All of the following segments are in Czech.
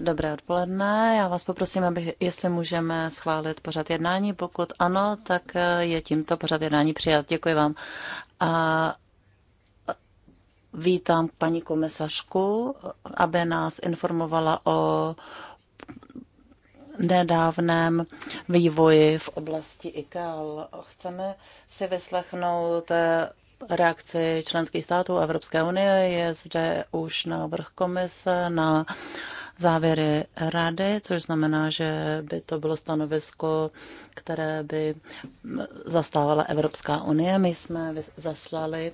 Dobré odpoledne, já vás poprosím, aby, jestli můžeme schválit pořad jednání. Pokud ano, tak eh, je tímto pořad jednání přijat. Děkuji vám. A eh, vítám paní komisařku, eh, aby nás informovala o nedávném vývoji v oblasti IKEL. Chceme si vyslechnout eh, reakci členských států Evropské unie. Je zde už návrh komise na závěry rady, což znamená, že by to bylo stanovisko, které by zastávala Evropská unie. My jsme zaslali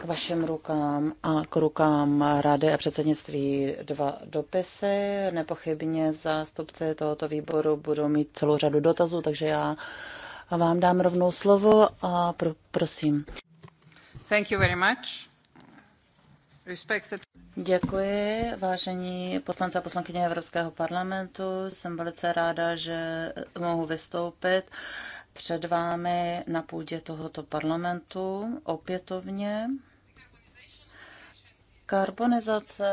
k vašim rukám a k rukám Rady a předsednictví dva dopisy. Nepochybně zástupci tohoto výboru budou mít celou řadu dotazů, takže já vám dám rovnou slovo a pro, prosím. Thank you very much. Respected. Děkuji, vážení poslanci a poslankyně Evropského parlamentu. Jsem velice ráda, že mohu vystoupit před vámi na půdě tohoto parlamentu opětovně. Karbonizace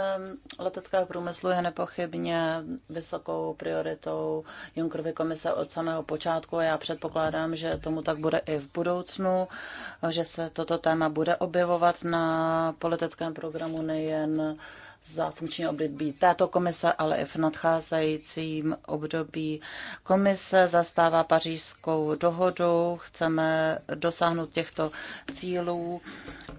leteckého průmyslu je nepochybně vysokou prioritou Junkerovy komise od samého počátku. a Já předpokládám, že tomu tak bude i v budoucnu, že se toto téma bude objevovat na politickém programu nejen za funkční období této komise, ale i v nadcházejícím období. Komise zastává pařížskou dohodu, chceme dosáhnout těchto cílů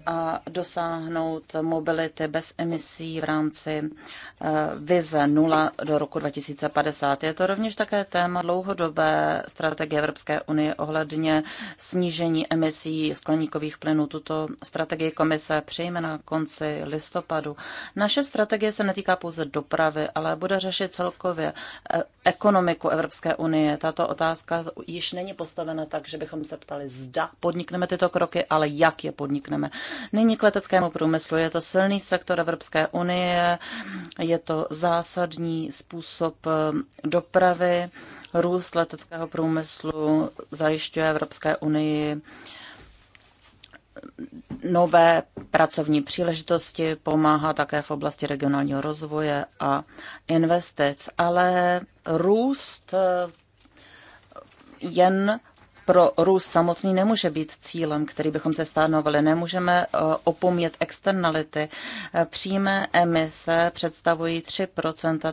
a dosáhnout mobility bez emisí v rámci eh, vize 0 do roku 2050. Je to rovněž také téma dlouhodobé strategie Evropské unie ohledně snížení emisí skleníkových plynů. Tuto strategii komise přejme na konci listopadu. Naše strategie se netýká pouze dopravy, ale bude řešit celkově eh, ekonomiku Evropské unie. Tato otázka již není postavena tak, že bychom se ptali, zda podnikneme tyto kroky, ale jak je podnikneme. Nyní k leteckému průmyslu. Je to silný sektor Evropské unie, je to zásadní způsob eh, dopravy. Růst leteckého průmyslu zajišťuje Evropské unii nové pracovní příležitosti, pomáhá také v oblasti regionálního rozvoje a investic, ale růst eh, jen pro růst samotný nemůže být cílem, který bychom se stanovili. Nemůžeme eh, opomíjet externality. Eh, přímé emise představují 3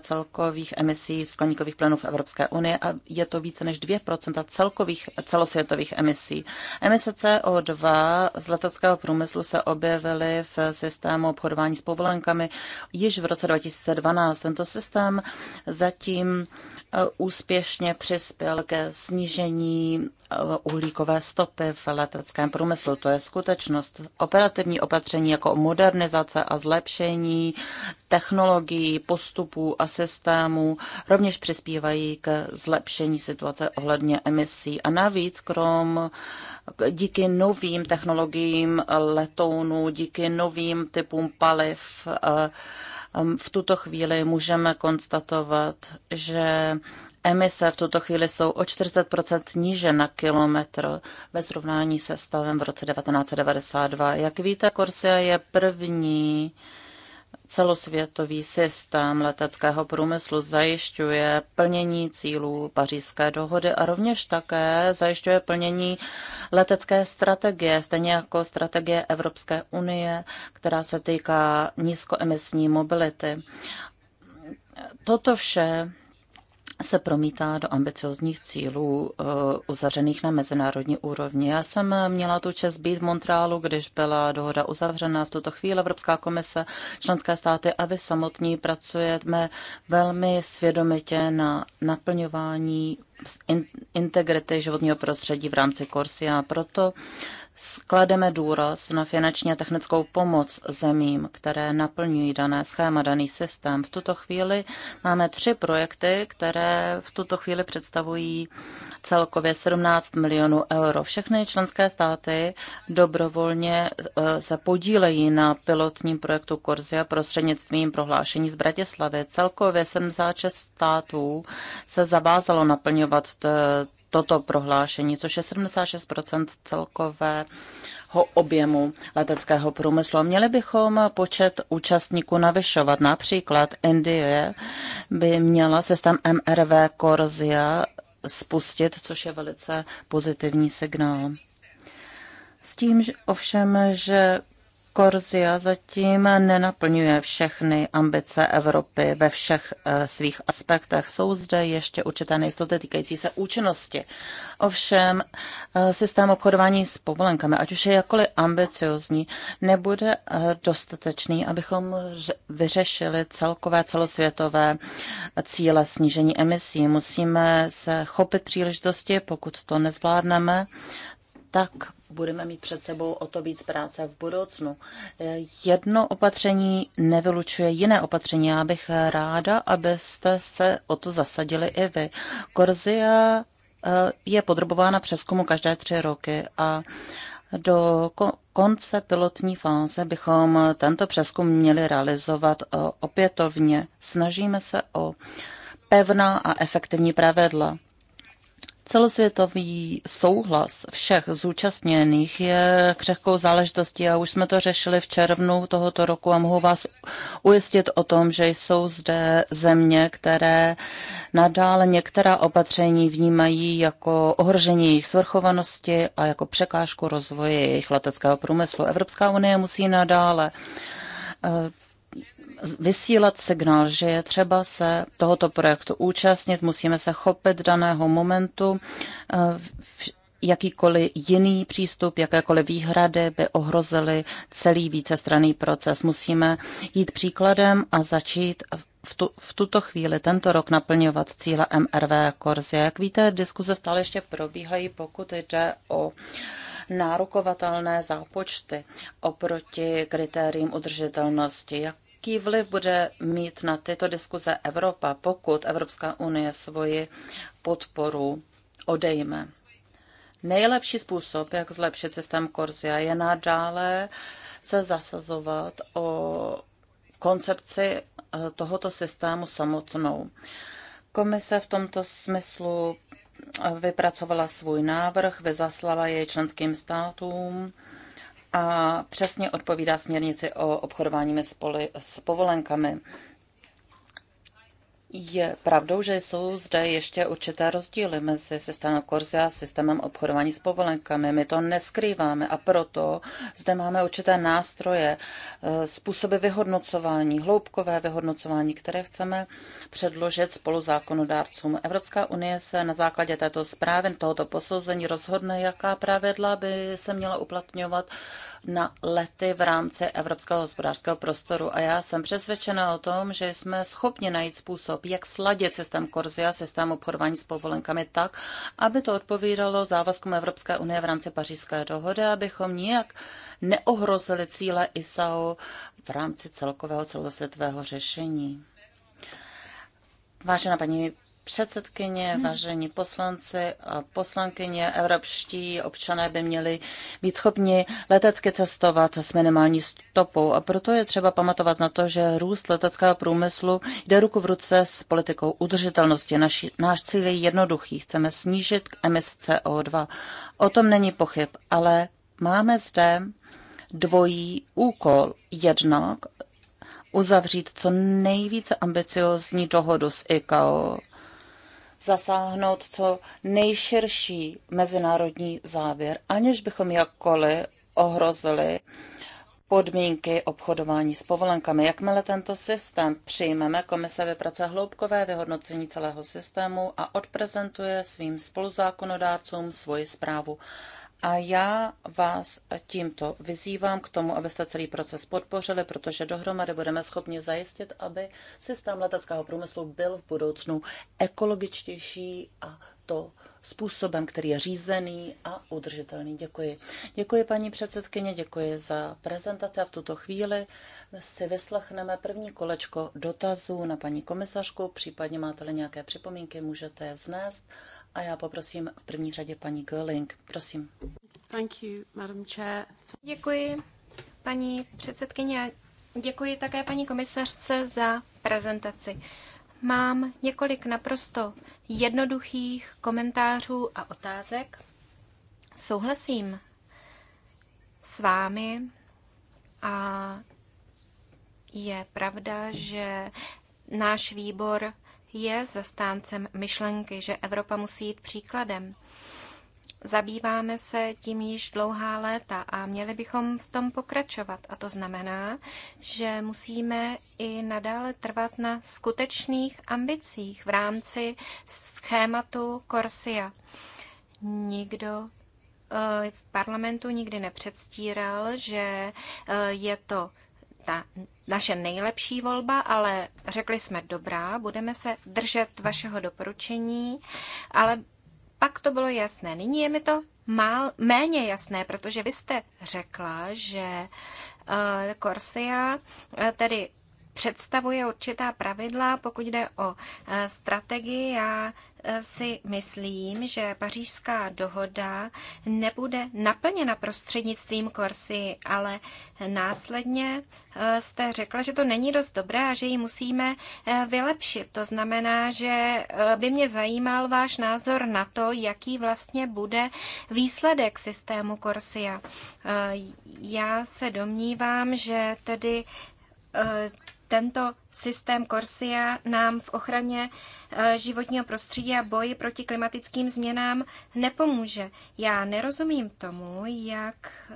celkových emisí skleníkových plynů v Evropské unii a je to více než 2 celkových celosvětových emisí. Emise CO2 z leteckého průmyslu se objevily v systému obchodování s povolenkami již v roce 2012. Tento systém zatím úspěšně přispěl ke snížení eh, uhlíkové stopy v leteckém průmyslu. To je skutečnost. Operativní opatření jako modernizace a zlepšení technologií, postupů a systémů rovněž přispívají k zlepšení situace ohledně emisí. A navíc krom díky novým technologiím letounů, díky novým typům paliv, eh, Um, v tuto chvíli můžeme konstatovat, že emise v tuto chvíli jsou o 40 níže na kilometr ve srovnání se stavem v roce 1992. Jak víte, Corsia je první celosvětový systém leteckého průmyslu zajišťuje plnění cílů pařížské dohody a rovněž také zajišťuje plnění letecké strategie, stejně jako strategie Evropské unie, která se týká nízkoemisní mobility. Toto vše se promítá do ambiciozních cílů eh, uzavřených na mezinárodní úrovni. Já jsem měla tu čest být v Montrealu, když byla dohoda uzavřena. V tuto chvíli Evropská komise, členské státy a vy samotní pracujeme velmi svědomitě na naplňování integrity životního prostředí v rámci Korsia. Proto sklademe důraz na finanční a technickou pomoc zemím, které naplňují dané schéma, daný systém. V tuto chvíli máme tři projekty, které v tuto chvíli představují celkově 17 milionů euro. Všechny členské státy dobrovolně eh, se podílejí na pilotním projektu Korzia prostřednictvím prohlášení z Bratislavy. Celkově 76 států se zavázalo naplňovat toto prohlášení, což je 76 celkového objemu leteckého průmyslu. Měli bychom počet účastníků navyšovat. Například Indie by měla systém MRV korzia spustit, což je velice pozitivní signál. S tím že ovšem, že Korzia zatím nenaplňuje všechny ambice Evropy ve všech eh, svých aspektech. Jsou zde ještě určité nejistoty týkající se účinnosti. Ovšem, eh, systém obchodování s povolenkami, ať už je jakkoliv ambiciozní, nebude eh, dostatečný, abychom vyřešili celkové celosvětové cíle snížení emisí. Musíme se chopit příležitosti, pokud to nezvládneme, tak budeme mít před sebou o to víc práce v budoucnu. Jedno opatření nevylučuje jiné opatření. Já bych ráda, abyste se o to zasadili i vy. Korzia eh, je podrobována přeskumu každé tři roky a do konce pilotní fáze bychom tento přeskum měli realizovat eh, opětovně. Snažíme se o pevná a efektivní pravidla. Celosvětový souhlas všech zúčastněných je křehkou záležitostí a už jsme to řešili v červnu tohoto roku a mohu vás ujistit o tom, že jsou zde země, které nadále některá opatření vnímají jako ohrožení jejich svrchovanosti a jako překážku rozvoje jejich leteckého průmyslu. Evropská unie musí nadále eh, vysílat signál, že je třeba se tohoto projektu účastnit, musíme se chopit daného momentu. Eh, jakýkoliv jiný přístup, jakékoliv výhrady by ohrozily celý vícestranný proces. Musíme jít příkladem a začít v, tu, v tuto chvíli tento rok naplňovat cíle MRV Korzie. Jak víte, diskuze stále ještě probíhají, pokud jde o nárokovatelné zápočty oproti kritériím udržitelnosti. Jak jaký vliv bude mít na tyto diskuze Evropa, pokud Evropská unie svoji podporu odejme. Nejlepší způsob, jak zlepšit systém Korzia, je nadále se zasazovat o koncepci eh, tohoto systému samotnou. Komise v tomto smyslu eh, vypracovala svůj návrh, vyzaslala jej členským státům a přesně odpovídá směrnici o obchodování s, s povolenkami. Je pravdou, že jsou zde ještě určité rozdíly mezi systémem Korze a systémem obchodování s povolenkami. My to neskrýváme a proto zde máme určité nástroje, e, způsoby vyhodnocování, hloubkové vyhodnocování, které chceme předložit spolu zákonodárcům. Evropská unie se na základě této zprávy, tohoto posouzení rozhodne, jaká pravidla by se měla uplatňovat na lety v rámci Evropského hospodářského prostoru. A já jsem přesvědčena o tom, že jsme schopni najít způsob, způsob, jak sladit systém Korzia, systém obchodování s povolenkami tak, aby to odpovídalo závazkům Evropské unie v rámci pařížské dohody, abychom nijak neohrozili cíle ISAO v rámci celkového celosvětového řešení. Vážená paní předsedkyně, vážení poslanci a poslankyně, evropští občané by měli být schopni letecky cestovat s minimální stopou. A proto je třeba pamatovat na to, že růst leteckého průmyslu jde ruku v ruce s politikou udržitelnosti. Naši, náš cíl je jednoduchý. Chceme snížit emisi CO2. O tom není pochyb, ale máme zde dvojí úkol. Jednak uzavřít co nejvíce ambiciozní dohodu s ICAO zasáhnout co nejširší mezinárodní závěr, aniž bychom jakkoliv ohrozili podmínky obchodování s povolenkami. Jakmile tento systém přijmeme, komise vypracuje hloubkové vyhodnocení celého systému a odprezentuje svým spoluzákonodárcům svoji zprávu a já vás tímto vyzývám k tomu, abyste celý proces podpořili, protože dohromady budeme schopni zajistit, aby systém leteckého průmyslu byl v budoucnu ekologičtější a to způsobem, který je řízený a udržitelný. Děkuji. Děkuji paní předsedkyně, děkuji za prezentaci a v tuto chvíli si vyslechneme první kolečko dotazů na paní komisařku, případně máte-li nějaké připomínky, můžete je znést a já poprosím v první řadě paní Girling, Prosím. Thank you, Madam Chair. Děkuji, paní předsedkyně. Děkuji také paní komisařce za prezentaci. Mám několik naprosto jednoduchých komentářů a otázek. Souhlasím s vámi a je pravda, že náš výbor je zastáncem myšlenky, že Evropa musí jít příkladem. Zabýváme se tím již dlouhá léta a měli bychom v tom pokračovat. A to znamená, že musíme i nadále trvat na skutečných ambicích v rámci schématu Corsia. Nikdo eh, v parlamentu nikdy nepředstíral, že eh, je to ta naše nejlepší volba, ale řekli jsme dobrá, budeme se držet vašeho doporučení, ale pak to bylo jasné. Nyní je mi to mál, méně jasné, protože vy jste řekla, že eh, Corsia eh, tedy představuje určitá pravidla, pokud jde o eh, strategii. Já eh, si myslím, že pařížská dohoda nebude naplněna prostřednictvím Korsy, ale následně eh, jste řekla, že to není dost dobré a že ji musíme vylepšit. To znamená, že by mě zajímal váš názor na to, jaký vlastně bude výsledek systému Korsia. Já se domnívám, že tedy tento systém Corsia nám v ochraně eh, životního prostředí a boji proti klimatickým změnám nepomůže. Já nerozumím tomu, jak eh,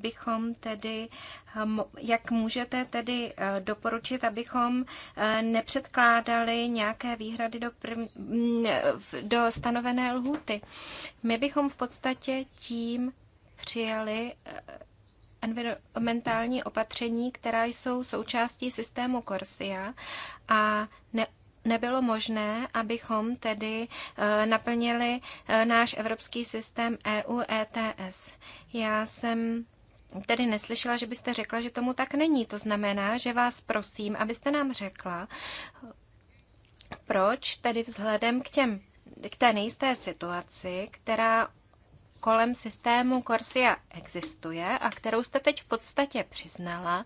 bychom tedy, eh, jak můžete tedy doporučit, abychom nepředkládali nějaké výhrady do, prv, mm, do stanovené lhůty. My bychom v podstatě tím přijali environmentální opatření, která jsou součástí systému Corsia a ne, nebylo možné, abychom tedy eh, naplnili eh, náš evropský systém EU ETS. Já jsem tedy neslyšela, že byste řekla, že tomu tak není. To znamená, že vás prosím, abyste nám řekla, proč tedy vzhledem k těm k té nejisté situaci, která kolem systému Corsia existuje a kterou jste teď v podstatě přiznala,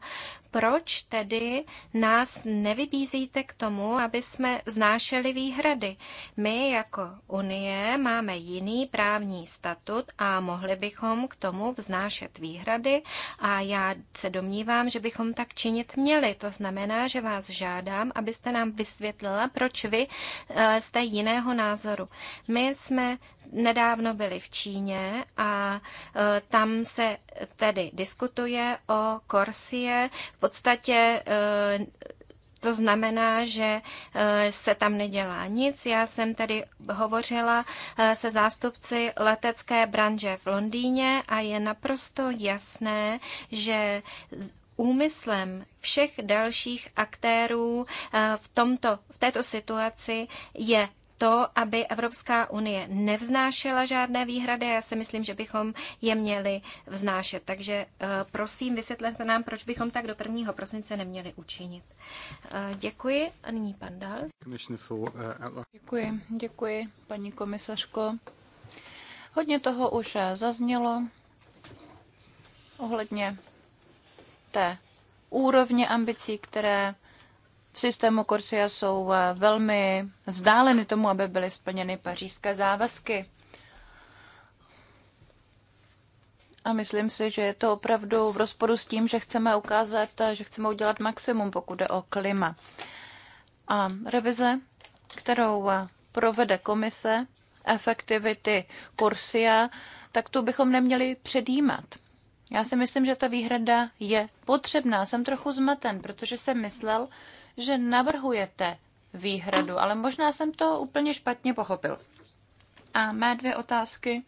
proč tedy nás nevybízíte k tomu, aby jsme znášeli výhrady? My jako Unie máme jiný právní statut a mohli bychom k tomu vznášet výhrady a já se domnívám, že bychom tak činit měli. To znamená, že vás žádám, abyste nám vysvětlila, proč vy eh, jste jiného názoru. My jsme nedávno byli v Číně a e, tam se tedy diskutuje o Korsie. V podstatě e, to znamená, že e, se tam nedělá nic. Já jsem tedy hovořila se zástupci letecké branže v Londýně a je naprosto jasné, že úmyslem všech dalších aktérů v, tomto, v této situaci je to, aby Evropská unie nevznášela žádné výhrady a já si myslím, že bychom je měli vznášet. Takže eh, prosím, vysvětlete nám, proč bychom tak do 1. prosince neměli učinit. Eh, děkuji a nyní pan Dal. Děkuji, děkuji, paní komisařko. Hodně toho už eh, zaznělo ohledně té úrovně ambicí, které v systému Corsia jsou eh, velmi vzdáleny tomu, aby byly splněny pařížské závazky. A myslím si, že je to opravdu v rozporu s tím, že chceme ukázat, eh, že chceme udělat maximum, pokud jde o klima. A revize, kterou eh, provede komise efektivity Corsia, tak tu bychom neměli předjímat. Já si myslím, že ta výhrada je potřebná. Jsem trochu zmaten, protože jsem myslel, že navrhujete výhradu, ale možná jsem to úplně špatně pochopil. A mé dvě otázky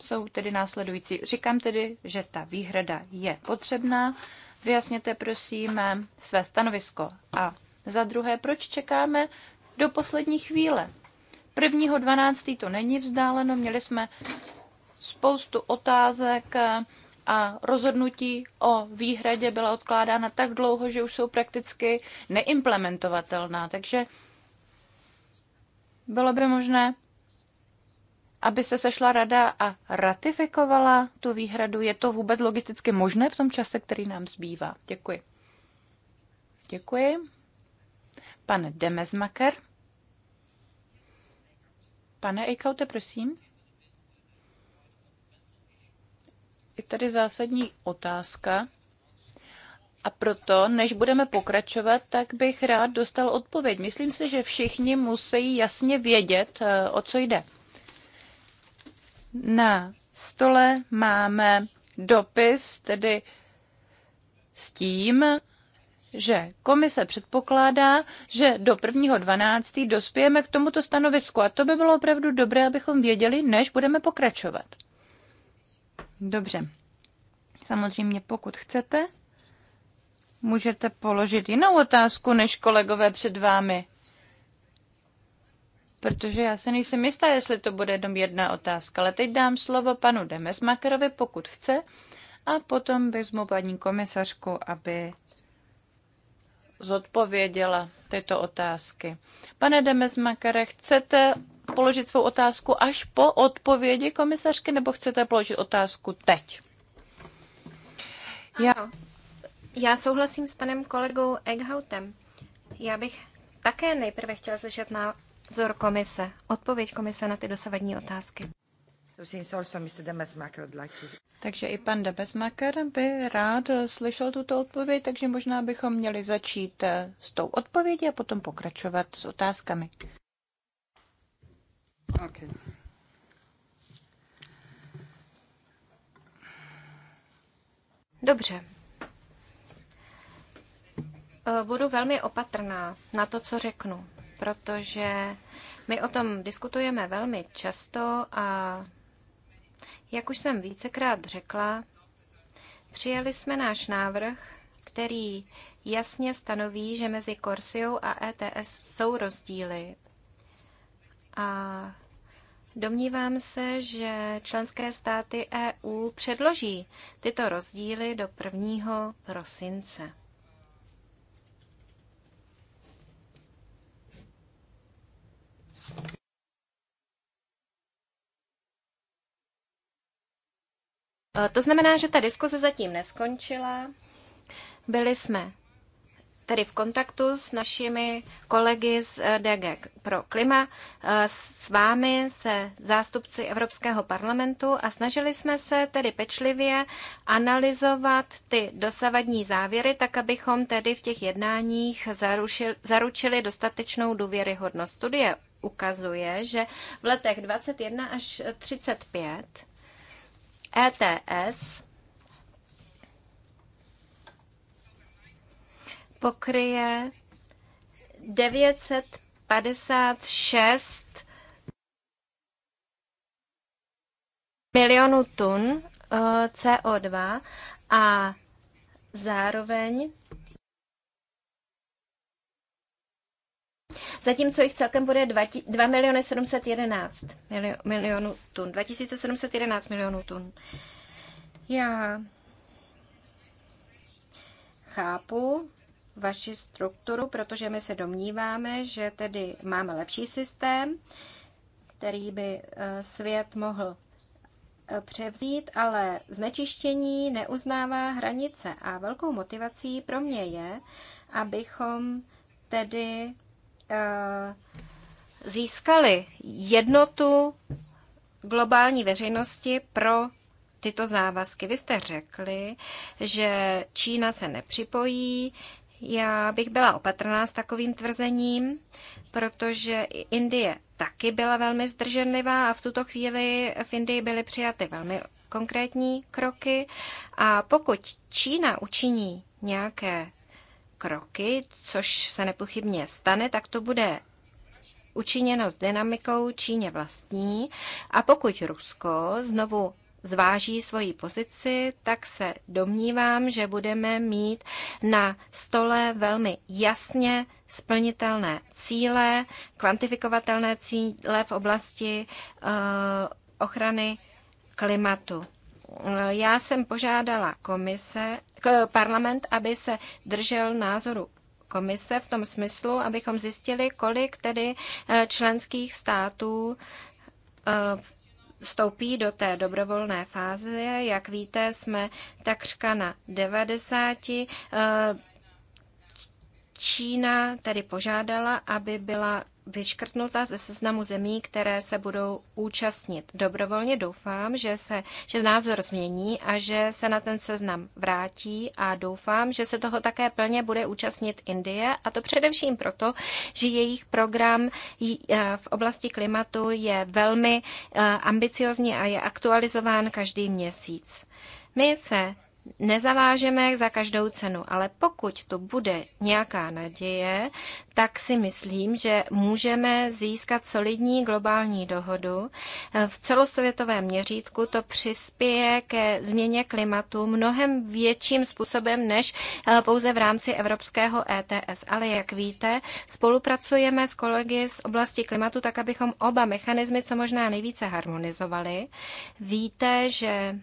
jsou tedy následující. Říkám tedy, že ta výhrada je potřebná. Vyjasněte prosím své stanovisko. A za druhé, proč čekáme do poslední chvíle? 1.12. to není vzdáleno, měli jsme spoustu otázek a rozhodnutí o výhradě byla odkládána tak dlouho, že už jsou prakticky neimplementovatelná. Takže bylo by možné, aby se sešla rada a ratifikovala tu výhradu. Je to vůbec logisticky možné v tom čase, který nám zbývá? Děkuji. Děkuji. Pane Demesmaker. Pane Eikaute, prosím. je tady zásadní otázka. A proto, než budeme pokračovat, tak bych rád dostal odpověď. Myslím si, že všichni musí jasně vědět, eh, o co jde. Na stole máme dopis, tedy s tím, že komise předpokládá, že do 1.12. dospějeme k tomuto stanovisku a to by bylo opravdu dobré, abychom věděli, než budeme pokračovat. Dobře. Samozřejmě, pokud chcete, můžete položit jinou otázku než kolegové před vámi. Protože já se nejsem jistá, jestli to bude jenom jedna otázka, ale teď dám slovo panu Demesmakerovi, pokud chce, a potom vezmu paní komisařku, aby zodpověděla tyto otázky. Pane Demesmakere, chcete položit svou otázku až po odpovědi komisařky, nebo chcete položit otázku teď? Já, já souhlasím s panem kolegou Eghautem. Já bych také nejprve chtěla slyšet názor komise, odpověď komise na ty dosavadní otázky. Takže i pan Debesmaker by rád slyšel tuto odpověď, takže možná bychom měli začít s tou odpovědí a potom pokračovat s otázkami. Okay. Dobře. E, budu velmi opatrná na to, co řeknu, protože my o tom diskutujeme velmi často a jak už jsem vícekrát řekla, přijali jsme náš návrh, který jasně stanoví, že mezi Corsiou a ETS jsou rozdíly. A Domnívám se, že členské státy EU předloží tyto rozdíly do 1. prosince. To znamená, že ta diskuze zatím neskončila. Byli jsme tedy v kontaktu s našimi kolegy z eh, DG pro klima, eh, s vámi, se zástupci Evropského parlamentu a snažili jsme se tedy pečlivě analyzovat ty dosavadní závěry, tak abychom tedy v těch jednáních zarušili, zaručili dostatečnou důvěryhodnost. Studie ukazuje, že v letech 21 až 35 ETS pokryje 956 milionů tun eh, CO2 a zároveň Zatímco jich celkem bude 2 miliony 711 milionů tun. 2711 milionů tun. Já chápu, vaši strukturu, protože my se domníváme, že tedy máme lepší systém, který by e, svět mohl e, převzít, ale znečištění neuznává hranice a velkou motivací pro mě je, abychom tedy e, získali jednotu globální veřejnosti pro tyto závazky. Vy jste řekli, že Čína se nepřipojí, já bych byla opatrná s takovým tvrzením, protože Indie taky byla velmi zdrženlivá a v tuto chvíli v Indii byly přijaty velmi konkrétní kroky. A pokud Čína učiní nějaké kroky, což se nepochybně stane, tak to bude učiněno s dynamikou Číně vlastní. A pokud Rusko znovu zváží svoji pozici, tak se domnívám, že budeme mít na stole velmi jasně splnitelné cíle, kvantifikovatelné cíle v oblasti eh, ochrany klimatu. Eh, já jsem požádala komise, parlament, aby se držel názoru komise v tom smyslu, abychom zjistili, kolik tedy eh, členských států vstoupí do té dobrovolné fáze. Jak víte, jsme takřka na 90 Čína tedy požádala, aby byla vyškrtnuta ze seznamu zemí, které se budou účastnit. Dobrovolně doufám, že se že názor změní a že se na ten seznam vrátí a doufám, že se toho také plně bude účastnit Indie a to především proto, že jejich program eh, v oblasti klimatu je velmi eh, ambiciozní a je aktualizován každý měsíc. My se nezavážeme za každou cenu, ale pokud tu bude nějaká naděje, tak si myslím, že můžeme získat solidní globální dohodu. V celosvětovém měřítku to přispěje ke změně klimatu mnohem větším způsobem než eh, pouze v rámci evropského ETS. Ale jak víte, spolupracujeme s kolegy z oblasti klimatu tak, abychom oba mechanismy co možná nejvíce harmonizovali. Víte, že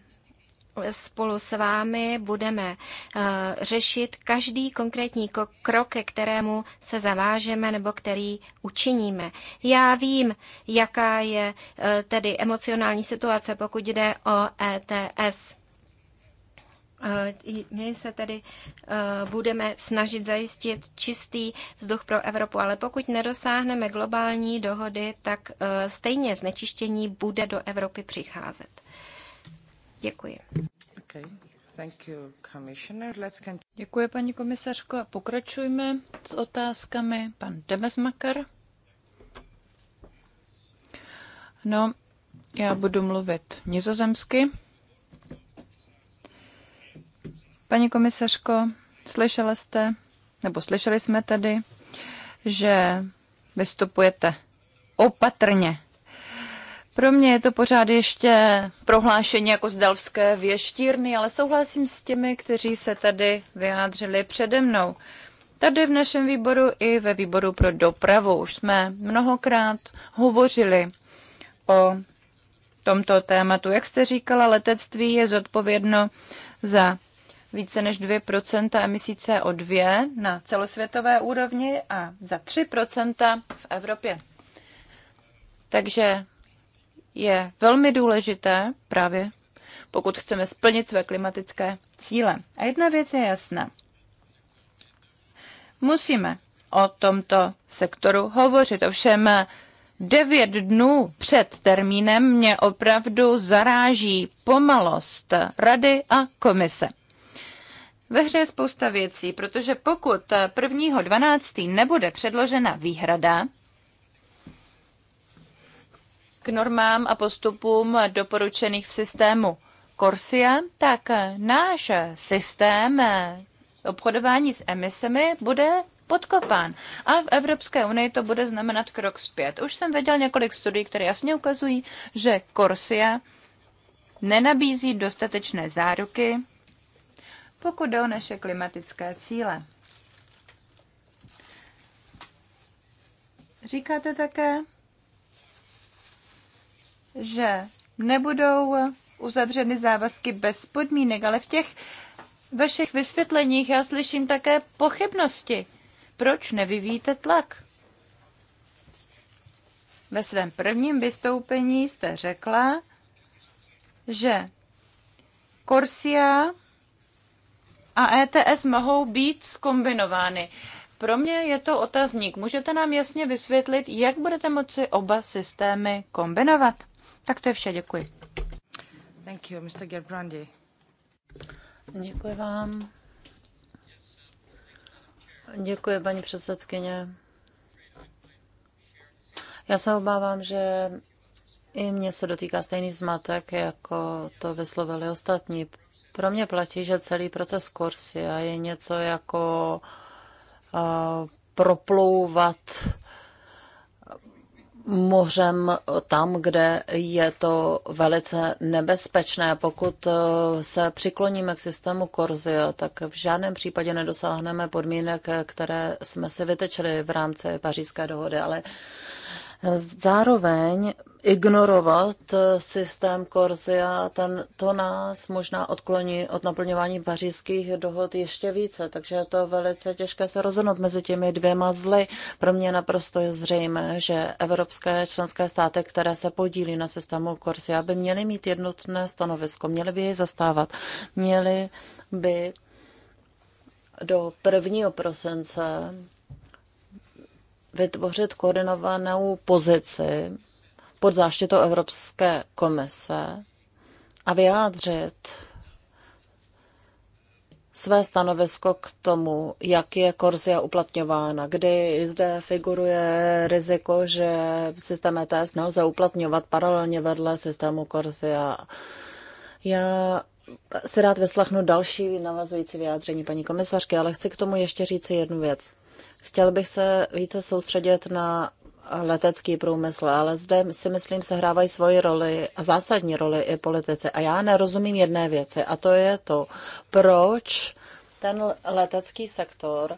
spolu s vámi budeme eh, řešit každý konkrétní krok, ke kterému se zavážeme nebo který učiníme. Já vím, jaká je eh, tedy emocionální situace, pokud jde o ETS. Eh, my se tedy budeme snažit zajistit čistý vzduch pro Evropu, ale pokud nedosáhneme globální dohody, tak stejně znečištění bude do Evropy přicházet. Děkuji. Okay. Thank you, commissioner. Let's continue. Děkuji, paní komisařko. A pokračujme s otázkami. Pan Demesmaker. No, já budu mluvit nizozemsky. Paní komisařko, slyšela jste, nebo slyšeli jsme tady, že vystupujete opatrně pro mě je to pořád ještě prohlášení jako z Delvské věštírny, ale souhlasím s těmi, kteří se tady vyjádřili přede mnou. Tady v našem výboru i ve výboru pro dopravu už jsme mnohokrát hovořili o tomto tématu. Jak jste říkala, letectví je zodpovědno za více než 2% emisí CO2 na celosvětové úrovni a za 3% v Evropě. Takže je velmi důležité právě pokud chceme splnit své klimatické cíle. A jedna věc je jasná. Musíme o tomto sektoru hovořit. Ovšem devět dnů před termínem mě opravdu zaráží pomalost rady a komise. Ve hře je spousta věcí, protože pokud 1.12. nebude předložena výhrada, k normám a postupům doporučených v systému Corsia, tak náš systém obchodování s emisemi bude podkopán. A v Evropské unii to bude znamenat krok zpět. Už jsem viděl několik studií, které jasně ukazují, že Corsia nenabízí dostatečné záruky, pokud jde o naše klimatické cíle. Říkáte také, že nebudou uzavřeny závazky bez podmínek, ale v těch vašich vysvětleních já slyším také pochybnosti. Proč nevyvíjíte tlak? Ve svém prvním vystoupení jste řekla, že Corsia a ETS mohou být skombinovány. Pro mě je to otazník. Můžete nám jasně vysvětlit, jak budete moci oba systémy kombinovat? Tak to je vše, děkuji. Thank you, Mr. Gerbrandi. Děkuji vám. Děkuji, paní předsedkyně. Já se obávám, že i mě se dotýká stejný zmatek, jako to vyslovili ostatní. Pro mě platí, že celý proces kursia je něco jako uh, proplouvat mořem tam, kde je to velice nebezpečné. Pokud eh, se přikloníme k systému Korzio, tak v žádném případě nedosáhneme podmínek, eh, které jsme si vytečili v rámci pařížské dohody, ale zároveň ignorovat eh, systém Korzia, ten, to nás možná odkloní od naplňování pařížských dohod ještě více, takže je to velice těžké se rozhodnout mezi těmi dvěma zly. Pro mě naprosto je zřejmé, že evropské členské státy, které se podílí na systému Korzia, by měly mít jednotné stanovisko, měly by jej zastávat, měly by do 1. prosince vytvořit koordinovanou pozici pod záštitou Evropské komise a vyjádřit své stanovisko k tomu, jak je korzia uplatňována, kdy zde figuruje riziko, že systém ETS nelze uplatňovat paralelně vedle systému korzia. Já si rád vyslechnu další navazující vyjádření paní komisařky, ale chci k tomu ještě říct jednu věc. Chtěl bych se více soustředit na letecký průmysl, ale zde si myslím hrávají svoji roli a zásadní roli i politici. A já nerozumím jedné věci a to je to, proč ten letecký sektor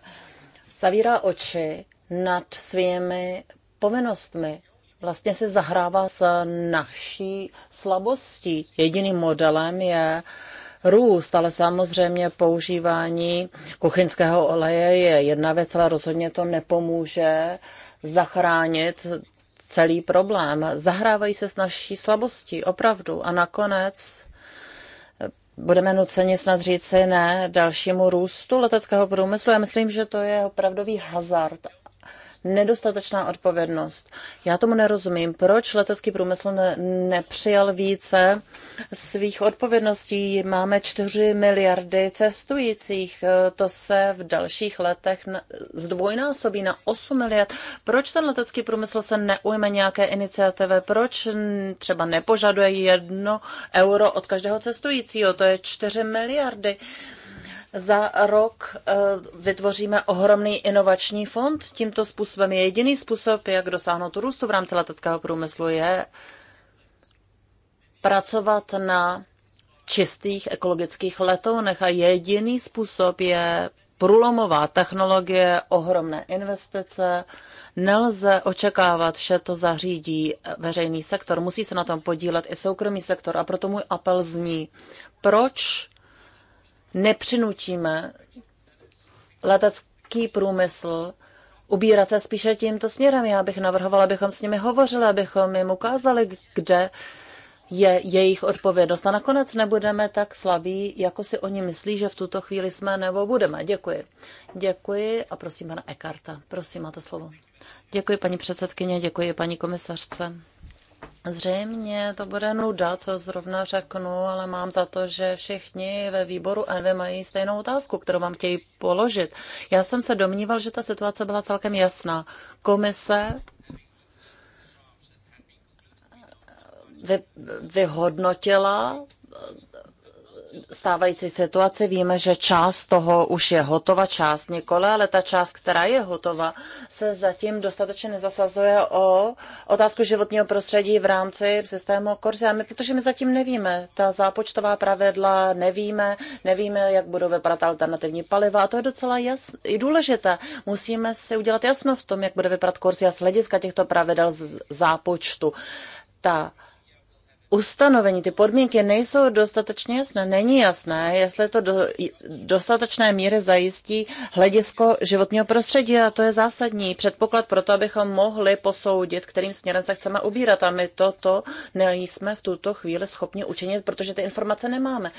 zavírá oči nad svými povinnostmi. Vlastně se zahrává s naší slabostí. Jediným modelem je růst, ale samozřejmě používání kuchyňského oleje je jedna věc, ale rozhodně to nepomůže zachránit celý problém. Zahrávají se s naší slabostí, opravdu. A nakonec budeme nuceni snad říci ne dalšímu růstu leteckého průmyslu. Já myslím, že to je opravdový hazard nedostatečná odpovědnost. Já tomu nerozumím. Proč letecký průmysl ne, nepřijal více svých odpovědností? Máme 4 miliardy cestujících. To se v dalších letech zdvojnásobí na 8 miliard. Proč ten letecký průmysl se neujme nějaké iniciativy? Proč třeba nepožaduje jedno euro od každého cestujícího? To je 4 miliardy. Za rok eh, vytvoříme ohromný inovační fond. Tímto způsobem je jediný způsob, jak dosáhnout růstu v rámci leteckého průmyslu, je pracovat na čistých ekologických letounech a jediný způsob je průlomová technologie, ohromné investice. Nelze očekávat, že to zařídí veřejný sektor. Musí se na tom podílet i soukromý sektor. A proto můj apel zní, proč nepřinutíme letecký průmysl ubírat se spíše tímto směrem. Já bych navrhovala, abychom s nimi hovořili, abychom jim ukázali, kde je jejich odpovědnost. A nakonec nebudeme tak slabí, jako si oni myslí, že v tuto chvíli jsme nebo budeme. Děkuji. Děkuji a prosím pana Ekarta. Prosím, máte slovo. Děkuji paní předsedkyně, děkuji paní komisařce. Zřejmě to bude nuda, co zrovna řeknu, ale mám za to, že všichni ve výboru ENVY mají stejnou otázku, kterou vám chtějí položit. Já jsem se domníval, že ta situace byla celkem jasná. Komise vy, vyhodnotila stávající situaci. Víme, že část toho už je hotova, část nikoli, ale ta část, která je hotova, se zatím dostatečně nezasazuje o otázku životního prostředí v rámci systému Korziámy, protože my zatím nevíme ta zápočtová pravidla, nevíme, nevíme, jak budou vypadat alternativní paliva a to je docela jas, i důležité. Musíme si udělat jasno v tom, jak bude vypadat Korzia z hlediska těchto pravidel z zápočtu. Ta ustanovení, ty podmínky nejsou dostatečně jasné. Není jasné, jestli to do dostatečné míry zajistí hledisko životního prostředí a to je zásadní předpoklad pro to, abychom mohli posoudit, kterým směrem se chceme ubírat a my toto nejsme v tuto chvíli schopni učinit, protože ty informace nemáme.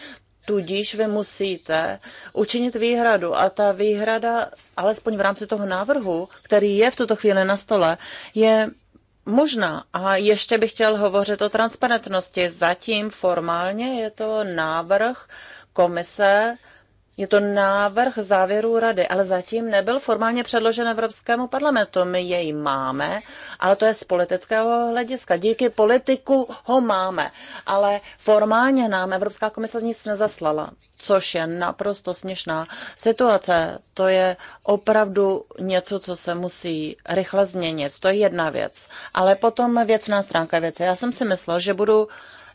Tudíž vy musíte učinit výhradu a ta výhrada, alespoň v rámci toho návrhu, který je v tuto chvíli na stole, je možná. A ještě bych chtěl hovořit o transparentnosti. Zatím formálně je to návrh komise je to návrh závěrů rady, ale zatím nebyl formálně předložen Evropskému parlamentu. My jej máme, ale to je z politického hlediska. Díky politiku ho máme, ale formálně nám Evropská komise nic nezaslala, což je naprosto směšná situace. To je opravdu něco, co se musí rychle změnit. To je jedna věc. Ale potom věcná stránka věce. Já jsem si myslel, že budu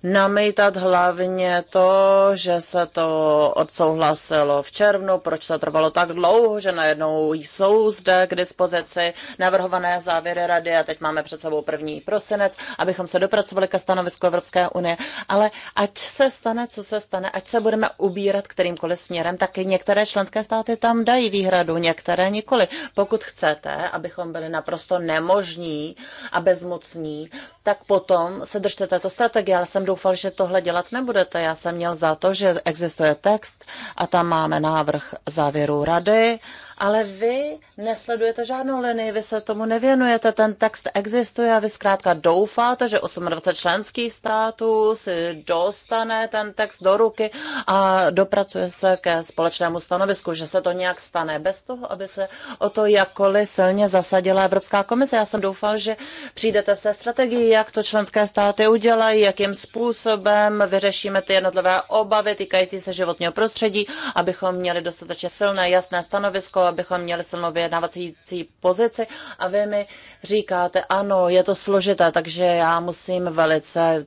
namítat hlavně to, že se to odsouhlasilo v červnu, proč to trvalo tak dlouho, že najednou jsou zde k dispozici navrhované závěry rady a teď máme před sebou první prosinec, abychom se dopracovali ke stanovisku Evropské unie. Ale ať se stane, co se stane, ať se budeme ubírat kterýmkoliv směrem, tak i některé členské státy tam dají výhradu, některé nikoli. Pokud chcete, abychom byli naprosto nemožní a bezmocní, tak potom se držte této strategie, ale jsem doufal, že tohle dělat nebudete. Já jsem měl za to, že existuje text a tam máme návrh závěru rady ale vy nesledujete žádnou linii, vy se tomu nevěnujete, ten text existuje a vy zkrátka doufáte, že 28 členských států si dostane ten text do ruky a dopracuje se ke společnému stanovisku, že se to nějak stane bez toho, aby se o to jakkoliv silně zasadila Evropská komise. Já jsem doufal, že přijdete se strategií, jak to členské státy udělají, jakým způsobem vyřešíme ty jednotlivé obavy týkající se životního prostředí, abychom měli dostatečně silné, jasné stanovisko, abychom měli silnou vyjednávací pozici a vy mi říkáte, ano, je to složité, takže já musím velice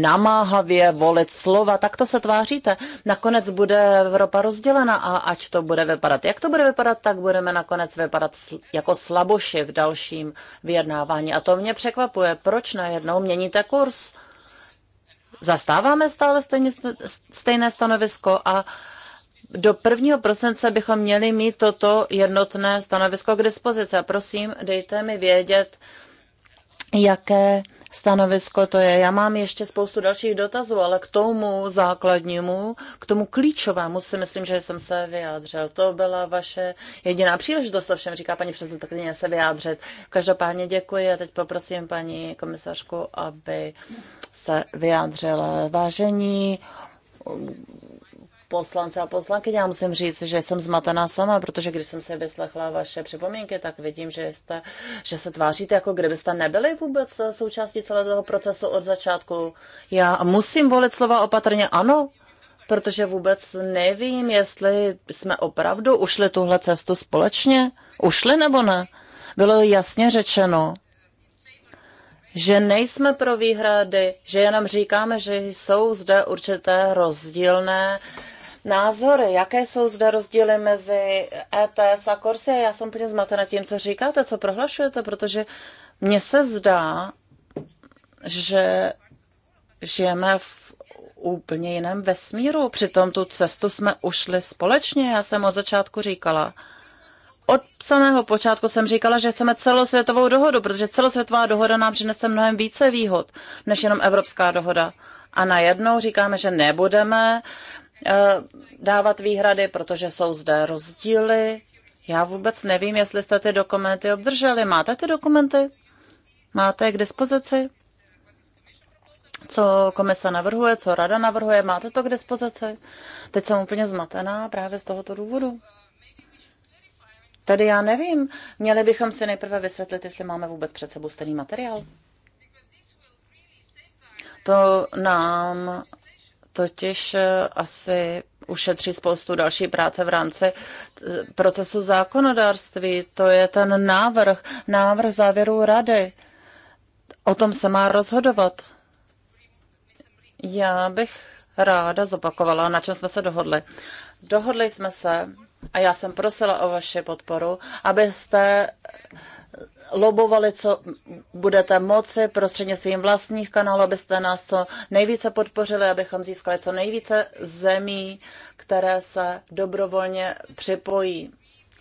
namáhavě volit slova. Tak to se tváříte. Nakonec bude Evropa rozdělena a ať to bude vypadat, jak to bude vypadat, tak budeme nakonec vypadat jako slaboši v dalším vyjednávání. A to mě překvapuje, proč najednou měníte kurz. Zastáváme stále stejně, stejné stanovisko a uh, do 1. prosince bychom měli mít toto jednotné stanovisko k dispozici. A prosím, dejte mi vědět, jaké stanovisko to je. Já mám ještě spoustu dalších dotazů, ale k tomu základnímu, k tomu klíčovému si myslím, že jsem se vyjádřil. To byla vaše jediná příležitost, to všem říká paní předsedkyně, se vyjádřit. Každopádně děkuji a teď poprosím paní komisařku, aby se vyjádřila. Vážení poslance a poslankyně, Já musím říct, že jsem zmatená sama, protože když jsem se vyslechla vaše připomínky, tak vidím, že, jste, že se tváříte, jako kdybyste nebyli vůbec součástí celého toho procesu od začátku. Já musím volit slova opatrně ano, protože vůbec nevím, jestli jsme opravdu ušli tuhle cestu společně. Ušli nebo ne? Bylo jasně řečeno, že nejsme pro výhrady, že jenom říkáme, že jsou zde určité rozdílné uh, názory, jaké jsou zde rozdíly mezi ETS a Corsia. Já jsem úplně zmatena tím, co říkáte, co prohlašujete, protože mně se zdá, že žijeme v úplně jiném vesmíru. Přitom tu cestu jsme ušli společně, já jsem od začátku říkala. Od samého počátku jsem říkala, že chceme celosvětovou dohodu, protože celosvětová dohoda nám přinese mnohem více výhod, než jenom evropská dohoda. A najednou říkáme, že nebudeme Eh, dávat výhrady, protože jsou zde rozdíly. Já vůbec nevím, jestli jste ty dokumenty obdrželi. Máte ty dokumenty? Máte je k dispozici? Co komise navrhuje, co rada navrhuje, máte to k dispozici? Teď jsem úplně zmatená právě z tohoto důvodu. Tady já nevím. Měli bychom si nejprve vysvětlit, jestli máme vůbec před sebou stejný materiál. To nám totiž eh, asi ušetří spoustu další práce v rámci eh, procesu zákonodárství. To je ten návrh, návrh závěrů rady. O tom se má rozhodovat. Já bych ráda zopakovala, na čem jsme se dohodli. Dohodli jsme se, a já jsem prosila o vaši podporu, abyste lobovali, co budete moci prostřednictvím vlastních kanálů, abyste nás co nejvíce podpořili, abychom získali co nejvíce zemí, které se dobrovolně připojí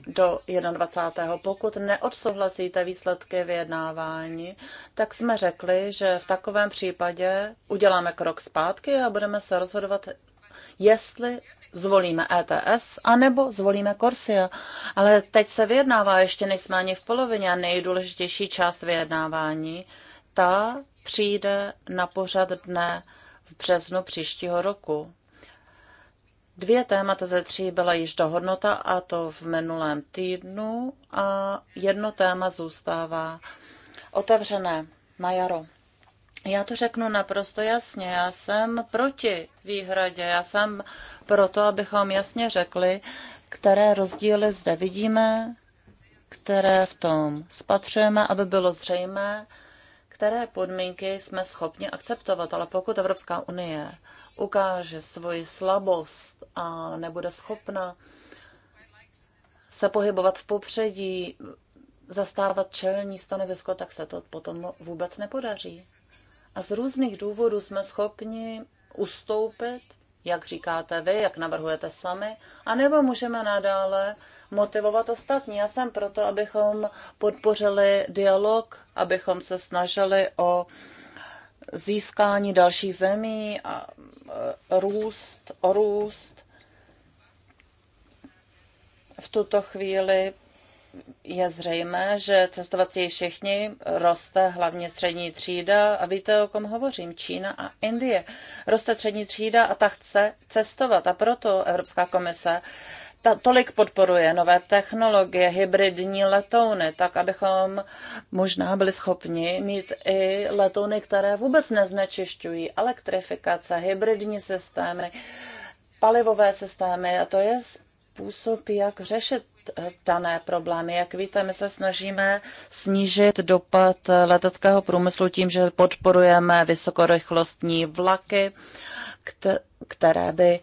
do 21. Pokud neodsouhlasíte výsledky vyjednávání, tak jsme řekli, že v takovém případě uděláme krok zpátky a budeme se rozhodovat, jestli zvolíme ETS, anebo zvolíme Corsia. Ale teď se vyjednává, ještě nejsme ani v polovině a nejdůležitější část vyjednávání, ta přijde na pořad dne v březnu příštího roku. Dvě témata ze tří byla již dohodnota a to v minulém týdnu a jedno téma zůstává otevřené na jaro. Já to řeknu naprosto jasně. Já jsem proti výhradě. Já jsem proto, abychom jasně řekli, které rozdíly zde vidíme, které v tom spatřujeme, aby bylo zřejmé, které podmínky jsme schopni akceptovat. Ale pokud Evropská unie ukáže svoji slabost a nebude schopna se pohybovat v popředí, zastávat čelní stanovisko, tak se to potom vůbec nepodaří. A z různých důvodů jsme schopni ustoupit, jak říkáte vy, jak navrhujete sami, anebo můžeme nadále motivovat ostatní. Já jsem proto, abychom podpořili dialog, abychom se snažili o získání dalších zemí a e, růst, o růst. V tuto chvíli je zřejmé, že cestovat tějí všichni, roste hlavně střední třída a víte, o kom hovořím, Čína a Indie. Roste střední třída a ta chce cestovat a proto Evropská komise ta, tolik podporuje nové technologie, hybridní letouny, tak abychom možná byli schopni mít i letouny, které vůbec neznečišťují, elektrifikace, hybridní systémy, palivové systémy a to je způsob, jak řešit eh, dané problémy. Jak víte, my se snažíme snížit dopad eh, leteckého průmyslu tím, že podporujeme vysokorychlostní vlaky, které by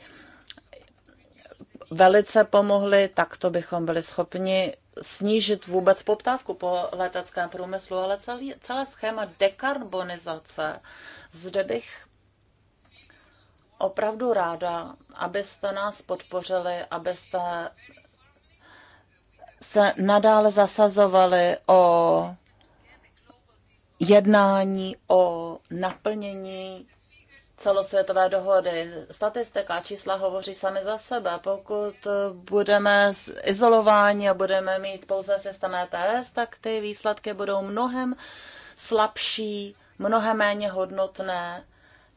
velice pomohly, tak to bychom byli schopni snížit vůbec poptávku po leteckém průmyslu, ale celý, celé schéma dekarbonizace. Zde bych opravdu ráda, abyste nás podpořili, abyste se nadále zasazovali o jednání, o naplnění celosvětové dohody. Statistika a čísla hovoří sami za sebe. Pokud budeme izolováni a budeme mít pouze systém ETS, tak ty výsledky budou mnohem slabší, mnohem méně hodnotné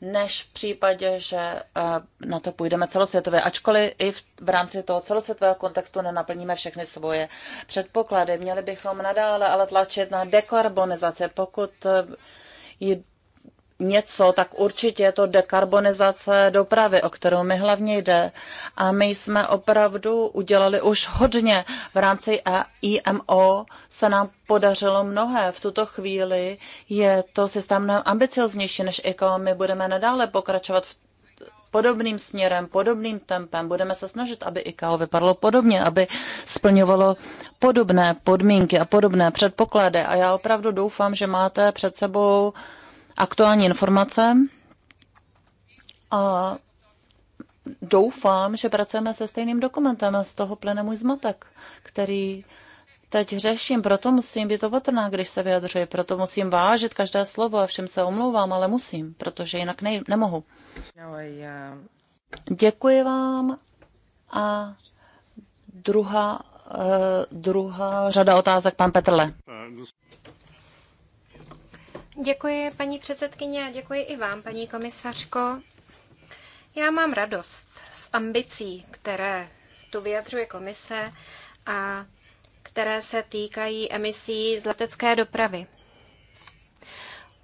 než v případě, že eh, na to půjdeme celosvětově. Ačkoliv i v, v rámci toho celosvětového kontextu nenaplníme všechny svoje předpoklady, měli bychom nadále ale tlačit na dekarbonizaci. Pokud eh, něco, tak určitě je to dekarbonizace dopravy, o kterou mi hlavně jde. A my jsme opravdu udělali už hodně. V rámci e IMO se nám podařilo mnohé. V tuto chvíli je to systém mnohem ambicioznější než ICAO. My budeme nadále pokračovat v podobným směrem, podobným tempem. Budeme se snažit, aby ICAO vypadalo podobně, aby splňovalo podobné podmínky a podobné předpoklady. A já opravdu doufám, že máte před sebou aktuální informace a doufám, že pracujeme se stejným dokumentem a z toho plyne můj zmatek, který teď řeším, proto musím být opatrná, když se vyjadřuji, proto musím vážit každé slovo a všem se omlouvám, ale musím, protože jinak nej- nemohu. Děkuji vám a druhá, uh, druhá řada otázek, pan Petrle. Děkuji, paní předsedkyně, a děkuji i vám, paní komisařko. Já mám radost z ambicí, které tu vyjadřuje komise a které se týkají emisí z letecké dopravy.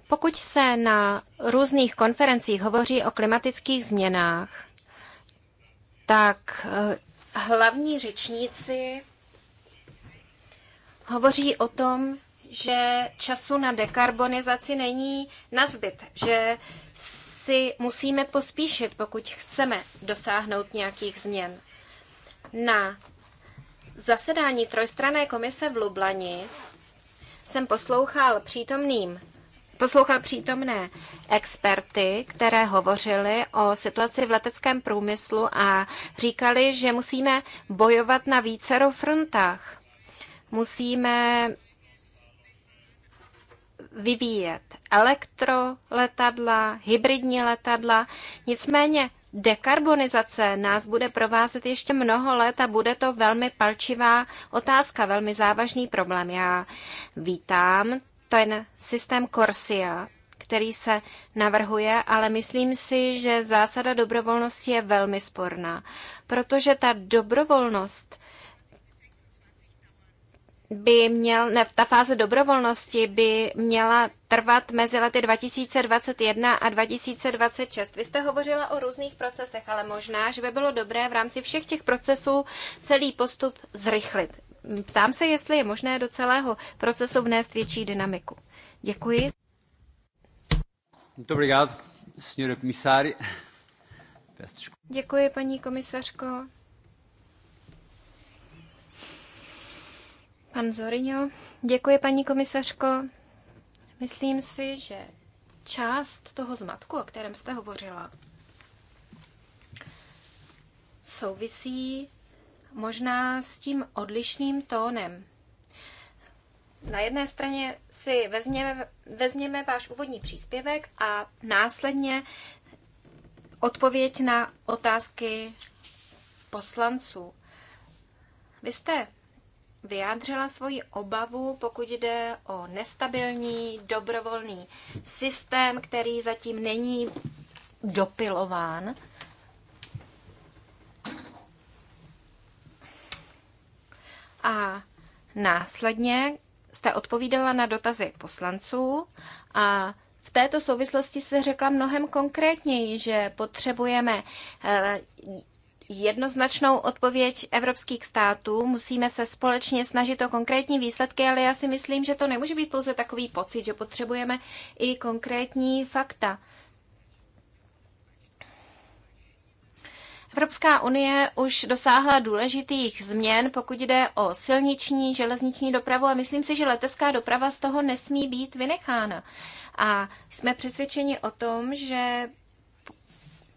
Pokud se na různých konferencích hovoří o klimatických změnách, tak eh, hlavní řečníci hovoří o tom, že času na dekarbonizaci není nazbyt, že si musíme pospíšit, pokud chceme dosáhnout nějakých změn. Na zasedání trojstrané komise v Lublani jsem poslouchal přítomným poslouchal přítomné experty, které hovořili o situaci v leteckém průmyslu a říkali, že musíme bojovat na vícero frontách. Musíme vyvíjet elektroletadla, hybridní letadla. Nicméně dekarbonizace nás bude provázet ještě mnoho let a bude to velmi palčivá otázka, velmi závažný problém. Já vítám ten systém Corsia, který se navrhuje, ale myslím si, že zásada dobrovolnosti je velmi sporná, protože ta dobrovolnost by měl, ne, ta fáze dobrovolnosti by měla trvat mezi lety 2021 a 2026. Vy jste hovořila o různých procesech, ale možná, že by bylo dobré v rámci všech těch procesů celý postup zrychlit. Ptám se, jestli je možné do celého procesu vnést větší dynamiku. Děkuji. Děkuji, paní komisařko. Pan Zorino, děkuji paní komisařko. Myslím si, že část toho zmatku, o kterém jste hovořila, souvisí možná s tím odlišným tónem. Na jedné straně si vezměme, vezměme váš úvodní příspěvek a následně odpověď na otázky poslanců. Vy jste vyjádřila svoji obavu, pokud jde o nestabilní dobrovolný systém, který zatím není dopilován. A následně jste odpovídala na dotazy poslanců a v této souvislosti se řekla mnohem konkrétněji, že potřebujeme eh, jednoznačnou odpověď evropských států. Musíme se společně snažit o konkrétní výsledky, ale já si myslím, že to nemůže být pouze takový pocit, že potřebujeme i konkrétní fakta. Evropská unie už dosáhla důležitých změn, pokud jde o silniční, železniční dopravu a myslím si, že letecká doprava z toho nesmí být vynechána. A jsme přesvědčeni o tom, že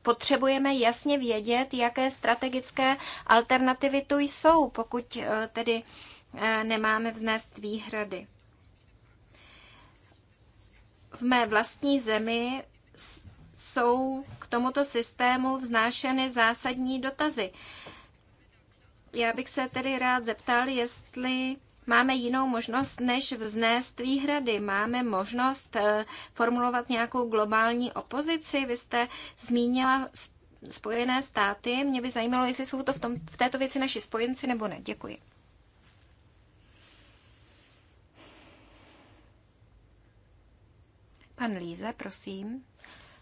potřebujeme jasně vědět, jaké strategické alternativy tu jsou, pokud eh, tedy eh, nemáme vznést výhrady. V mé vlastní zemi jsou k tomuto systému vznášeny zásadní dotazy. Já bych se tedy rád zeptal, jestli máme jinou možnost, než vznést výhrady. Máme možnost eh, formulovat nějakou globální opozici. Vy jste zmínila Spojené státy. Mě by zajímalo, jestli jsou to v, tom, v této věci naši spojenci nebo ne. Děkuji. Pan Líze, prosím.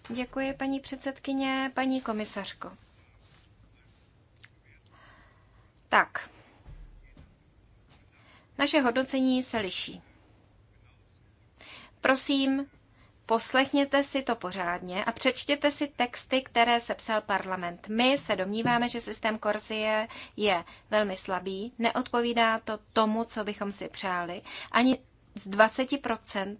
Děkuji, paní předsedkyně, paní komisařko. Tak, naše hodnocení se liší. Prosím, poslechněte si to pořádně a přečtěte si texty, které sepsal parlament. My se domníváme, že systém Korsie je velmi slabý, neodpovídá to tomu, co bychom si přáli. Ani z 20%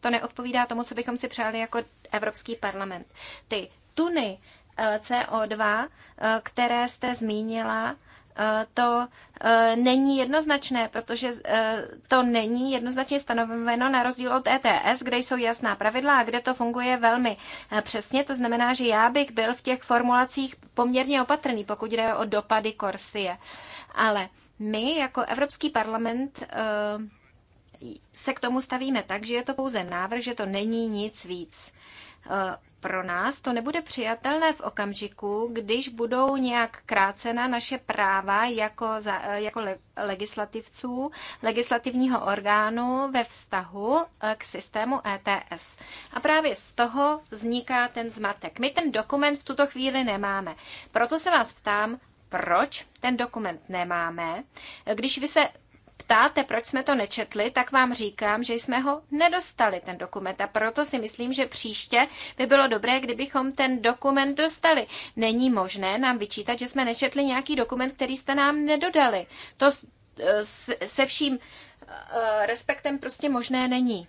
to neodpovídá tomu, co bychom si přáli jako Evropský parlament. Ty tuny eh, CO2, eh, které jste zmínila, Eh, to eh, není jednoznačné, protože eh, to není jednoznačně stanoveno na rozdíl od ETS, kde jsou jasná pravidla a kde to funguje velmi přesně. To znamená, že já bych byl v těch formulacích poměrně opatrný, pokud jde o dopady Korsie. Ale my jako Evropský parlament se k tomu stavíme tak, že je to pouze návrh, že to není nic víc pro nás to nebude přijatelné v okamžiku, když budou nějak krácena naše práva jako, za, jako le, legislativců, legislativního orgánu ve vztahu eh, k systému ETS. A právě z toho vzniká ten zmatek. My ten dokument v tuto chvíli nemáme. Proto se vás ptám, proč ten dokument nemáme, když vy se ptáte, proč jsme to nečetli, tak vám říkám, že jsme ho nedostali, ten dokument. A proto si myslím, že příště by bylo dobré, kdybychom ten dokument dostali. Není možné nám vyčítat, že jsme nečetli nějaký dokument, který jste nám nedodali. To eh, se vším eh, respektem prostě možné není.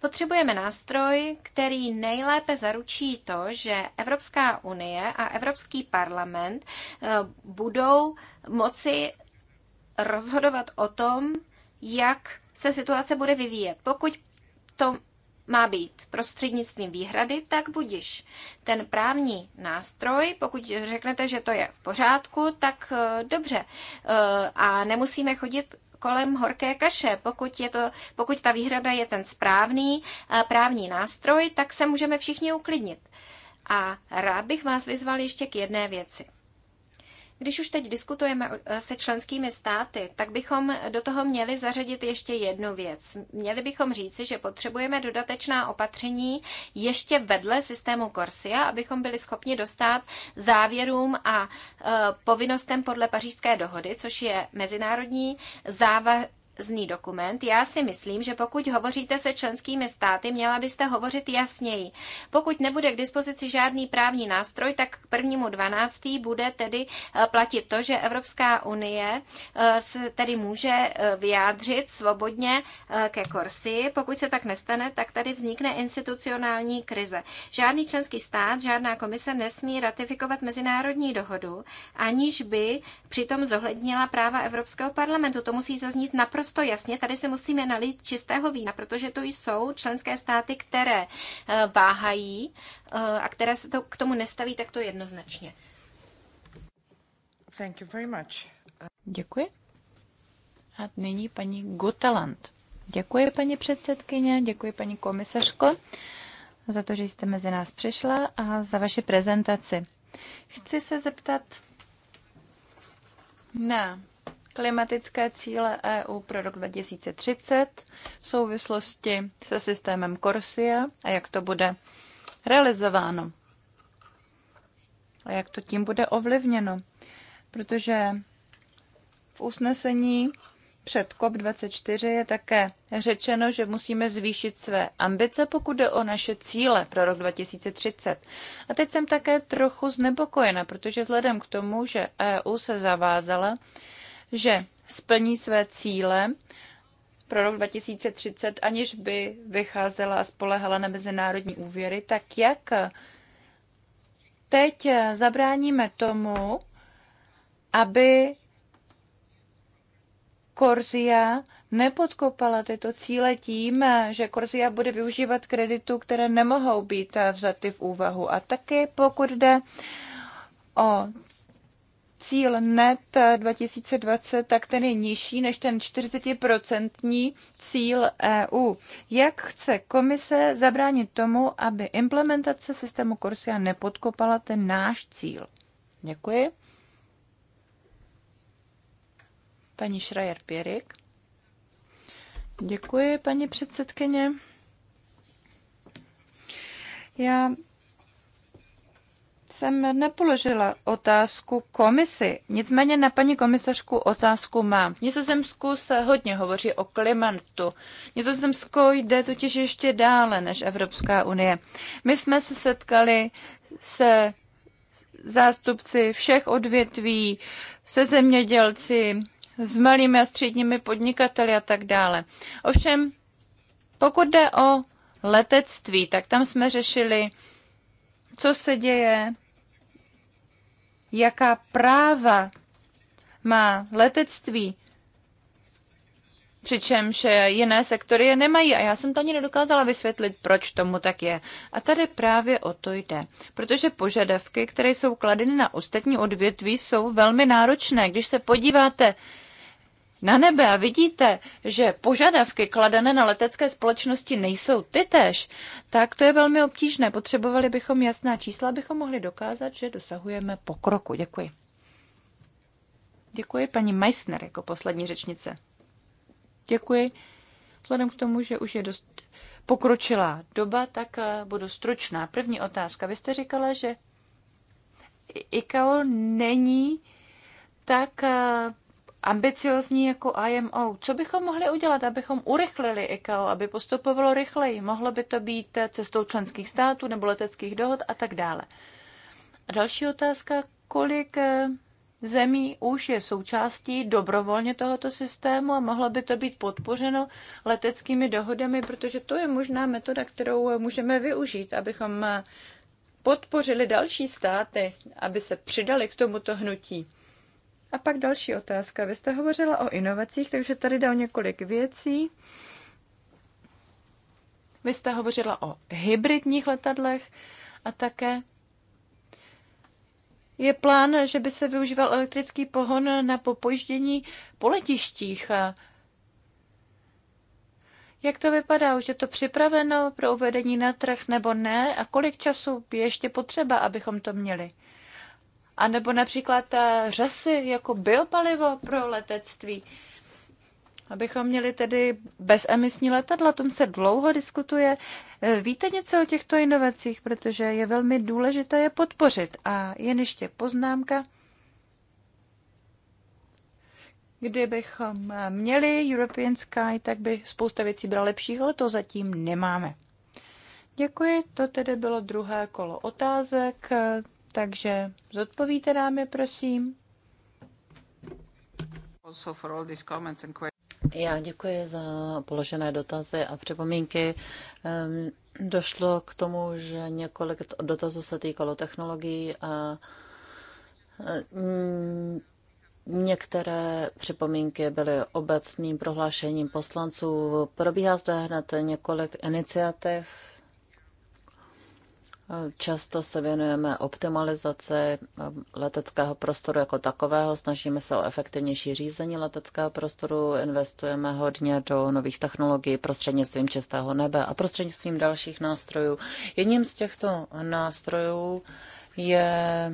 Potřebujeme nástroj, který nejlépe zaručí to, že Evropská unie a Evropský parlament eh, budou moci rozhodovat o tom, jak se situace bude vyvíjet. Pokud to má být prostřednictvím výhrady, tak budiš. Ten právní nástroj, pokud řeknete, že to je v pořádku, tak eh, dobře. Eh, a nemusíme chodit kolem horké kaše. Pokud, je to, pokud ta výhrada je ten správný eh, právní nástroj, tak se můžeme všichni uklidnit. A rád bych vás vyzval ještě k jedné věci. Když už teď diskutujeme eh, se členskými státy, tak bychom do toho měli zařadit ještě jednu věc. Měli bychom říci, že potřebujeme dodatečná opatření ještě vedle systému Corsia, abychom byli schopni dostat závěrům a eh, povinnostem podle pařížské dohody, což je mezinárodní závěr zný dokument. Já si myslím, že pokud hovoříte se členskými státy, měla byste hovořit jasněji. Pokud nebude k dispozici žádný právní nástroj, tak k prvnímu 12. bude tedy eh, platit to, že Evropská unie eh, se tedy může eh, vyjádřit svobodně ke Korsi. Pokud se tak nestane, tak tady vznikne institucionální krize. Žádný členský stát, žádná komise nesmí ratifikovat mezinárodní dohodu, aniž by přitom zohlednila práva Evropského parlamentu. To musí zaznít naprosto naprosto jasně, tady se musíme nalít čistého vína, protože to jsou členské státy, které eh, váhají eh, a které se to k tomu nestaví takto jednoznačně. Thank you very much. Děkuji. A nyní paní Guteland. Děkuji, paní předsedkyně, děkuji, paní komisařko, za to, že jste mezi nás přišla a za vaši prezentaci. Chci se zeptat na klimatické cíle EU pro rok 2030 v souvislosti se systémem Corsia a jak to bude realizováno a jak to tím bude ovlivněno. Protože v usnesení před COP24 je také řečeno, že musíme zvýšit své ambice, pokud jde o naše cíle pro rok 2030. A teď jsem také trochu znepokojena, protože vzhledem k tomu, že EU se zavázala, že splní své cíle pro rok 2030, aniž by vycházela a spolehala na mezinárodní úvěry, tak jak teď zabráníme tomu, aby Korzia nepodkopala tyto cíle tím, že Korzia bude využívat kreditů, které nemohou být vzaty v úvahu. A taky pokud jde o cíl net 2020 tak ten je nižší než ten 40% cíl EU. Jak chce komise zabránit tomu, aby implementace systému Corsia nepodkopala ten náš cíl? Děkuji. Paní Šrajer Pěrik. Děkuji, paní předsedkyně. Já jsem nepoložila otázku komisi. Nicméně na paní komisařku otázku mám. V Nizozemsku se hodně hovoří o klimatu. Nizozemsko jde totiž ještě dále než Evropská unie. My jsme se setkali se zástupci všech odvětví, se zemědělci, s malými a středními podnikateli a tak dále. Ovšem, pokud jde o letectví, tak tam jsme řešili co se děje, jaká práva má letectví, přičemž jiné sektory je nemají. A já jsem to ani nedokázala vysvětlit, proč tomu tak je. A tady právě o to jde. Protože požadavky, které jsou kladeny na ostatní odvětví, jsou velmi náročné. Když se podíváte, na nebe a vidíte, že požadavky kladené na letecké společnosti nejsou tytež, tak to je velmi obtížné. Potřebovali bychom jasná čísla, abychom mohli dokázat, že dosahujeme pokroku. Děkuji. Děkuji paní Meissner jako poslední řečnice. Děkuji. Vzhledem k tomu, že už je dost pokročilá doba, tak eh, budu stručná. První otázka. Vy jste říkala, že ICAO není tak eh, ambiciozní jako IMO. Co bychom mohli udělat, abychom urychlili ICAO, aby postupovalo rychleji? Mohlo by to být cestou členských států nebo leteckých dohod a tak dále. A další otázka, kolik eh, zemí už je součástí dobrovolně tohoto systému a mohlo by to být podpořeno leteckými dohodami, protože to je možná metoda, kterou můžeme využít, abychom eh, podpořili další státy, aby se přidali k tomuto hnutí. A pak další otázka. Vy jste hovořila o inovacích, takže tady jde o několik věcí. Vy jste hovořila o hybridních letadlech a také je plán, že by se využíval elektrický pohon na popoždění po letištích. Jak to vypadá? Už je to připraveno pro uvedení na trh nebo ne? A kolik času je ještě potřeba, abychom to měli? A nebo například eh, řasy jako biopalivo pro letectví. Abychom měli tedy bezemisní letadla, tom se dlouho diskutuje. Eh, víte něco o těchto inovacích, protože je velmi důležité je podpořit. A jen ještě poznámka. Kdybychom eh, měli European Sky, tak by spousta věcí byla lepších, ale to zatím nemáme. Děkuji, to tedy bylo druhé kolo otázek. Takže zodpovíte nám prosím. Já děkuji za položené dotazy a připomínky. Došlo k tomu, že několik dotazů se týkalo technologií a mm, Některé připomínky byly obecným prohlášením poslanců. Probíhá zde hned několik iniciativ Často se věnujeme optimalizaci um, leteckého prostoru jako takového, snažíme se o efektivnější řízení leteckého prostoru, investujeme hodně do nových technologií prostřednictvím čistého nebe a prostřednictvím dalších nástrojů. Jedním z těchto nástrojů je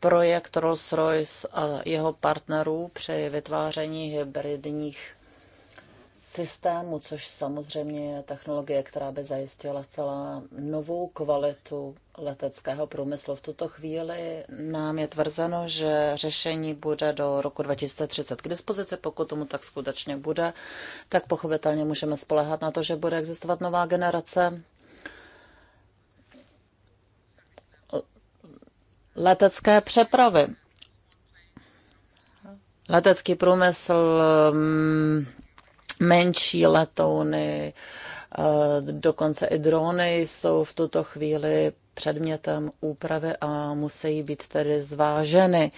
projekt Rolls-Royce a jeho partnerů při vytváření hybridních systému, což samozřejmě je technologie, která by zajistila zcela novou kvalitu leteckého průmyslu. V tuto chvíli nám je tvrzeno, že řešení bude do roku 2030 k dispozici. Pokud tomu tak skutečně bude, tak pochopitelně můžeme spolehat na to, že bude existovat nová generace letecké přepravy. Letecký průmysl mm, menší letouny, eh, dokonce i drony jsou v tuto chvíli předmětem úpravy a musí být tedy zváženy.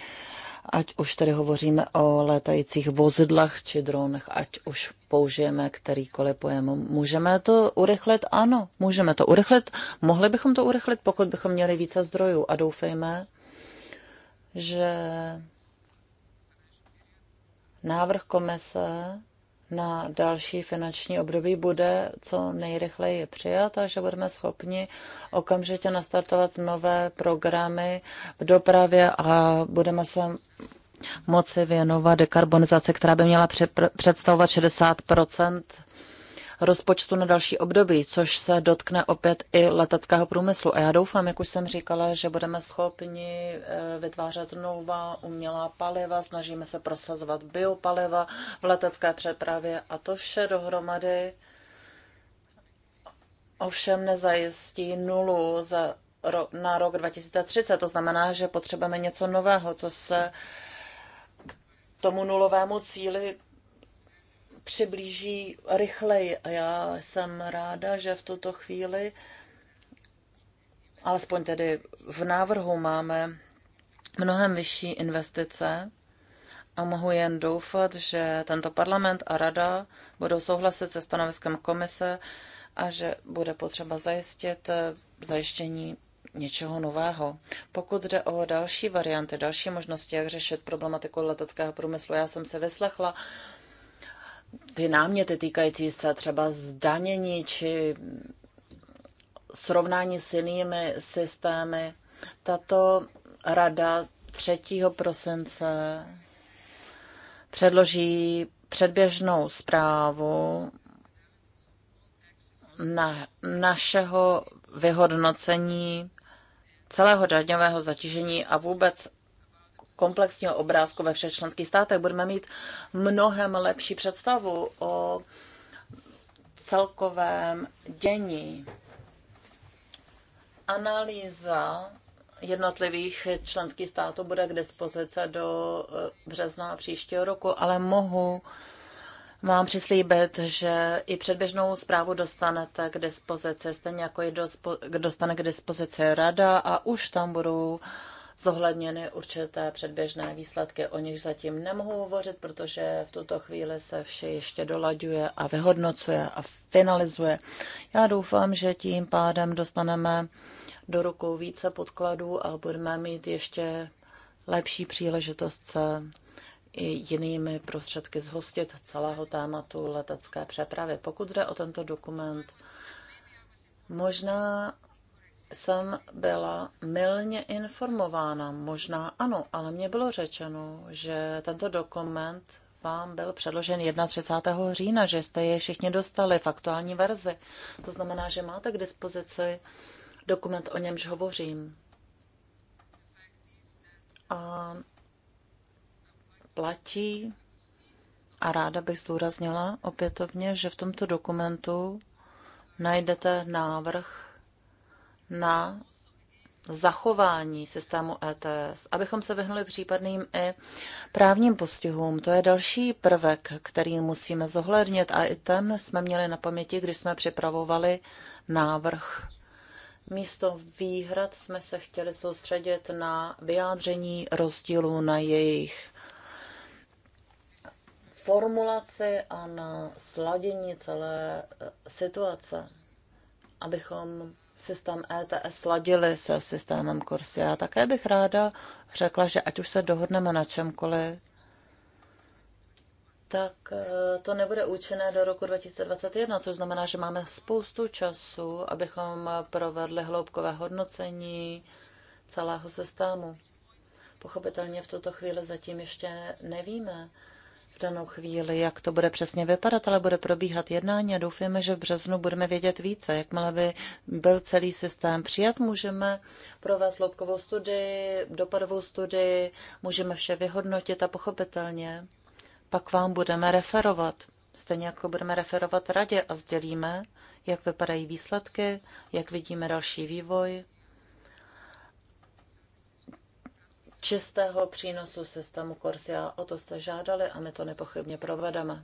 Ať už tedy hovoříme o létajících vozidlech či dronech, ať už použijeme kterýkoliv pojem. Můžeme to urychlit? Ano, můžeme to urychlit. Mohli bychom to urychlit, pokud bychom měli více zdrojů a doufejme, že návrh komise na další finanční období bude co nejrychleji přijat a že budeme schopni okamžitě nastartovat nové programy v dopravě a budeme se moci věnovat dekarbonizaci, která by měla představovat 60 rozpočtu na další období, což se dotkne opět i leteckého průmyslu. A já doufám, jak už jsem říkala, že budeme schopni eh, vytvářet nová umělá paliva, snažíme se prosazovat biopaliva v letecké přepravě a to vše dohromady ovšem nezajistí nulu za ro- na rok 2030. To znamená, že potřebujeme něco nového, co se k tomu nulovému cíli přiblíží rychleji. A já jsem ráda, že v tuto chvíli, alespoň tedy v návrhu, máme mnohem vyšší investice a mohu jen doufat, že tento parlament a rada budou souhlasit se stanoviskem komise a že bude potřeba zajistit zajištění něčeho nového. Pokud jde o další varianty, další možnosti, jak řešit problematiku leteckého průmyslu, já jsem se vyslechla ty náměty týkající se třeba zdanění či srovnání s jinými systémy. Tato rada 3. prosince předloží předběžnou zprávu na našeho vyhodnocení celého daňového zatížení a vůbec komplexního obrázku ve všech členských státech. Budeme mít mnohem lepší představu o celkovém dění. Analýza jednotlivých členských států bude k dispozici do eh, března příštího roku, ale mohu vám přislíbit, že i předběžnou zprávu dostanete k dispozici, stejně jako ji dostane k dispozici rada a už tam budou uh, zohledněny určité předběžné výsledky. O nich zatím nemohu hovořit, protože v tuto chvíli se vše ještě dolaďuje a vyhodnocuje a finalizuje. Já doufám, že tím pádem dostaneme do rukou více podkladů a budeme mít ještě lepší příležitost se i jinými prostředky zhostit celého tématu letecké přepravy. Pokud jde o tento dokument, možná jsem byla mylně informována. Možná ano, ale mně bylo řečeno, že tento dokument vám byl předložen 31. října, že jste je všichni dostali v aktuální verzi. To znamená, že máte k dispozici dokument, o němž hovořím. A platí, a ráda bych zdůraznila opětovně, že v tomto dokumentu najdete návrh na zachování systému ETS, abychom se vyhnuli případným i právním postihům. To je další prvek, který musíme zohlednit a i ten jsme měli na paměti, když jsme připravovali návrh. Místo výhrad jsme se chtěli soustředit na vyjádření rozdílů na jejich formulaci a na sladění celé e, situace, abychom systém ETS sladili se systémem kursy. Já také bych ráda řekla, že ať už se dohodneme na čemkoliv, tak eh, to nebude účinné do roku 2021, což znamená, že máme spoustu času, abychom provedli hloubkové hodnocení celého systému. Pochopitelně v tuto chvíli zatím ještě nevíme, danou chvíli, jak to bude přesně vypadat, ale bude probíhat jednání a doufujeme, že v březnu budeme vědět více. Jakmile by byl celý systém přijat, můžeme provést loupkovou studii, dopadovou studii, můžeme vše vyhodnotit a pochopitelně pak vám budeme referovat. Stejně jako budeme referovat radě a sdělíme, jak vypadají výsledky, jak vidíme další vývoj čistého přínosu systému Korsia. O to jste žádali a my to nepochybně provedeme.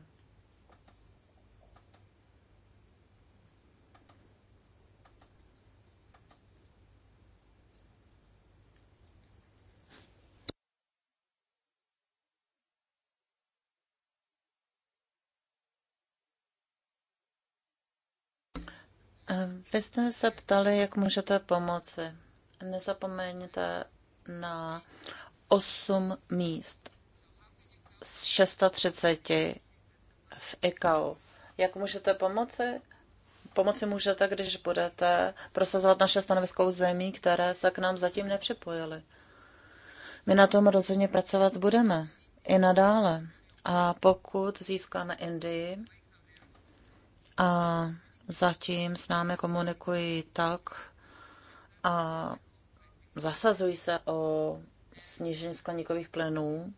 Vy jste se ptali, jak můžete pomoci. Nezapomeňte na 8 míst z 630 v ICAO. Jak můžete pomoci? Pomoci můžete, když budete prosazovat naše stanovisko zemí, které se k nám zatím nepřipojily. My na tom rozhodně pracovat budeme i nadále. A pokud získáme Indii a zatím s námi komunikují tak a zasazují se o snížení skleníkových plynů,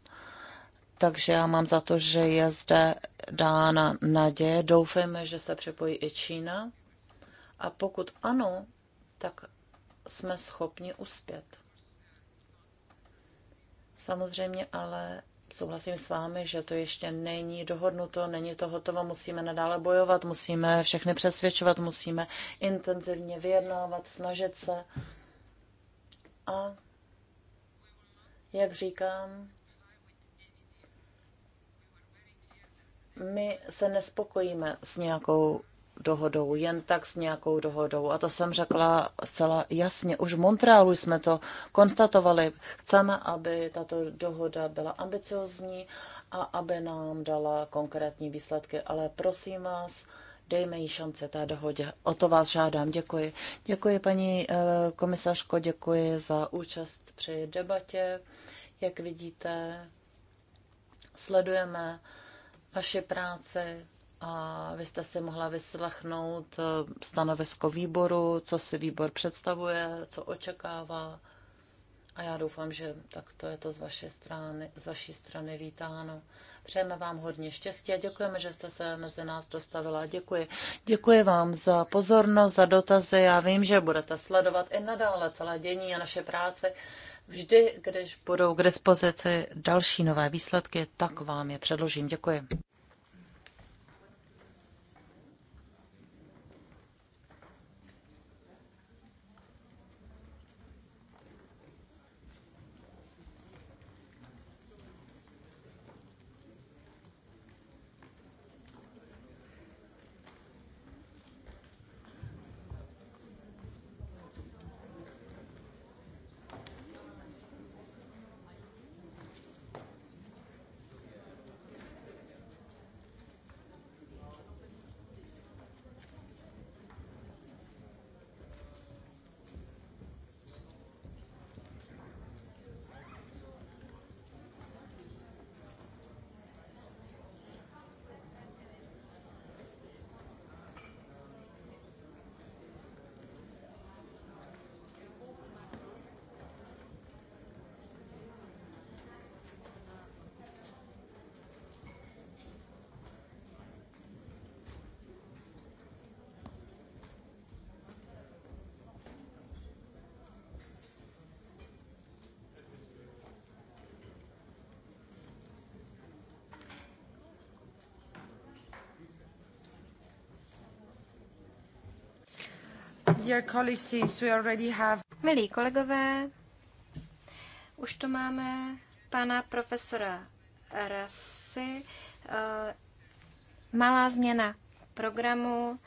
takže já mám za to, že je zde dána naděje. Doufejme, že se připojí i Čína. A pokud ano, tak jsme schopni uspět. Samozřejmě ale souhlasím s vámi, že to ještě není dohodnuto, není to hotovo, musíme nadále bojovat, musíme všechny přesvědčovat, musíme intenzivně vyjednávat, snažit se. A jak říkám, my se nespokojíme s nějakou dohodou, jen tak s nějakou dohodou. A to jsem řekla zcela jasně. Už v Montrealu jsme to konstatovali. Chceme, aby tato dohoda byla ambiciozní a aby nám dala konkrétní výsledky. Ale prosím vás, dejme jí šance té dohodě. O to vás žádám. Děkuji. Děkuji, paní eh, komisařko, děkuji za účast při debatě. Jak vidíte, sledujeme vaši práci a vy jste si mohla vyslechnout eh, stanovisko výboru, co si výbor představuje, co očekává. A já doufám, že tak to je to z vaší strany, z vaší strany vítáno. Přejeme vám hodně štěstí a děkujeme, že jste se mezi nás dostavila. Děkuji. Děkuji vám za pozornost, za dotazy. Já vím, že budete sledovat i nadále celé dění a naše práce. Vždy, když budou k dispozici další nové výsledky, tak vám je předložím. Děkuji. Milí kolegové, už tu máme pana profesora Rasy. Eh, Malá změna programu.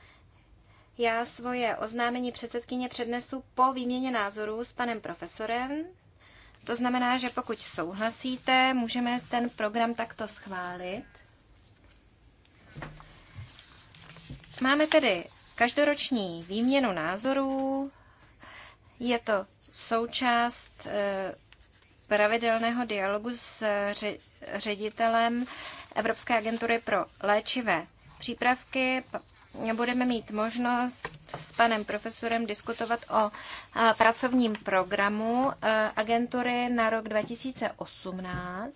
Já svoje oznámení předsedkyně přednesu po výměně názorů s panem profesorem. To znamená, že pokud souhlasíte, můžeme ten program takto schválit. Máme tedy každoroční výměnu názorů. Je to součást eh, pravidelného dialogu s eh, ředitelem Evropské agentury pro léčivé přípravky. Budeme mít možnost s panem profesorem diskutovat o eh, pracovním programu agentury na rok 2018.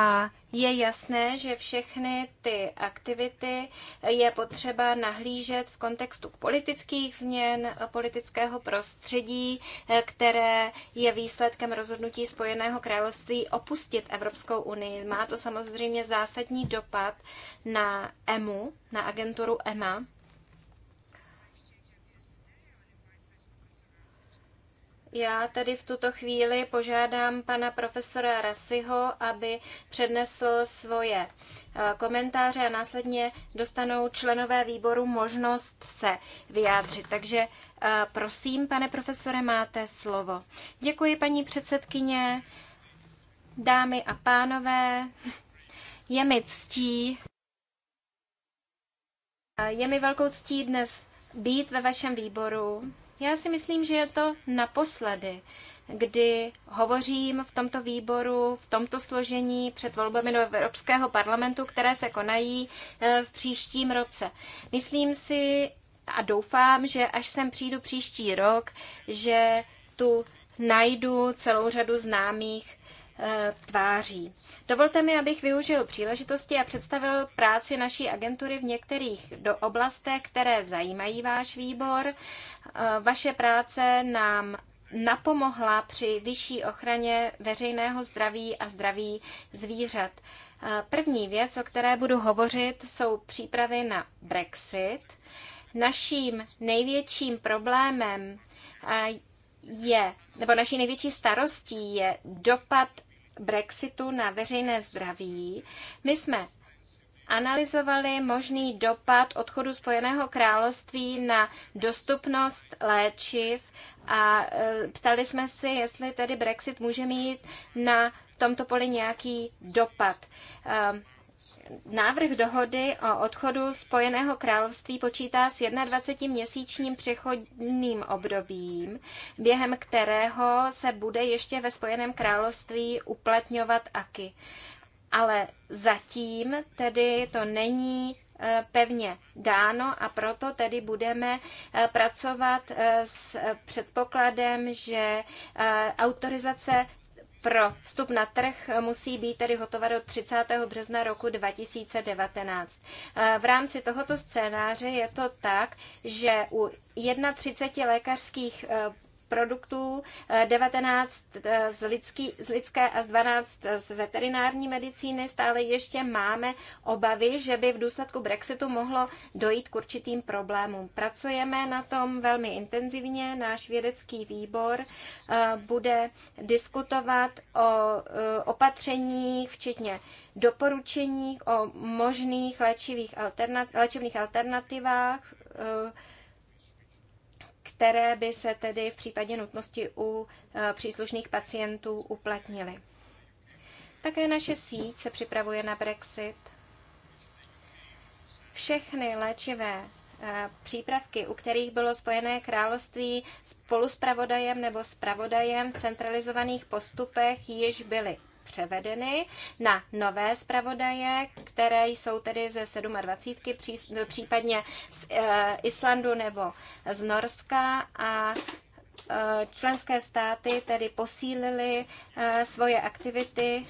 A je jasné, že všechny ty aktivity je potřeba nahlížet v kontextu politických změn, politického prostředí, které je výsledkem rozhodnutí Spojeného království opustit Evropskou unii. Má to samozřejmě zásadní dopad na EMU, na agenturu EMA. Já tedy v tuto chvíli požádám pana profesora Rasiho, aby přednesl svoje eh, komentáře a následně dostanou členové výboru možnost se vyjádřit. Takže eh, prosím, pane profesore, máte slovo. Děkuji, paní předsedkyně, dámy a pánové. Je mi ctí. Je mi velkou ctí dnes být ve vašem výboru. Já si myslím, že je to naposledy, kdy hovořím v tomto výboru, v tomto složení před volbami do Evropského parlamentu, které se konají eh, v příštím roce. Myslím si a doufám, že až sem přijdu příští rok, že tu najdu celou řadu známých Eh, tváří. Dovolte mi, abych využil příležitosti a představil práci naší agentury v některých do oblastech, které zajímají váš výbor. Eh, vaše práce nám napomohla při vyšší ochraně veřejného zdraví a zdraví zvířat. Eh, první věc, o které budu hovořit, jsou přípravy na Brexit. Naším největším problémem je, nebo naší největší starostí je dopad Brexitu na veřejné zdraví. My jsme analyzovali možný dopad odchodu Spojeného království na dostupnost léčiv a e, ptali jsme si, jestli tedy Brexit může mít na tomto poli nějaký dopad. E, Návrh dohody o odchodu Spojeného království počítá s 21-měsíčním přechodným obdobím, během kterého se bude ještě ve Spojeném království uplatňovat AKY. Ale zatím tedy to není eh, pevně dáno a proto tedy budeme eh, pracovat eh, s předpokladem, že autorizace pro vstup na trh musí být tedy hotova do 30. března roku 2019. Eh, v rámci tohoto scénáře je to tak, že u 31 lékařských eh, produktů, 19 eh, eh, z, lidský, z lidské a z 12 eh, z veterinární medicíny. Stále ještě máme obavy, že by v důsledku Brexitu mohlo dojít k určitým problémům. Pracujeme na tom velmi intenzivně. Náš vědecký výbor bude diskutovat o opatřeních, včetně doporučení o možných léčivých alternat- alternativách které by se tedy v případě nutnosti u e, příslušných pacientů uplatnily. Také naše síť se připravuje na Brexit. Všechny léčivé e, přípravky, u kterých bylo Spojené království spolu s pravodajem nebo s pravodajem v centralizovaných postupech, již byly převedeny na nové zpravodaje, které jsou tedy ze 27, případně z eh, Islandu nebo z Norska a eh, členské státy tedy posílily eh, svoje aktivity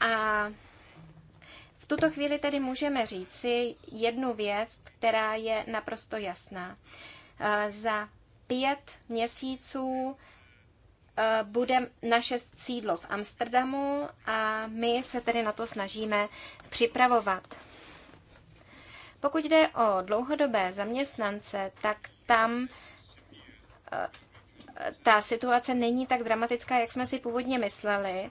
a v tuto chvíli tedy můžeme říci jednu věc, která je naprosto jasná. Za pět měsíců eh, bude naše sídlo v Amsterdamu a my se tedy na to snažíme připravovat. Pokud jde o dlouhodobé zaměstnance, tak tam eh, ta situace není tak dramatická, jak jsme si původně mysleli.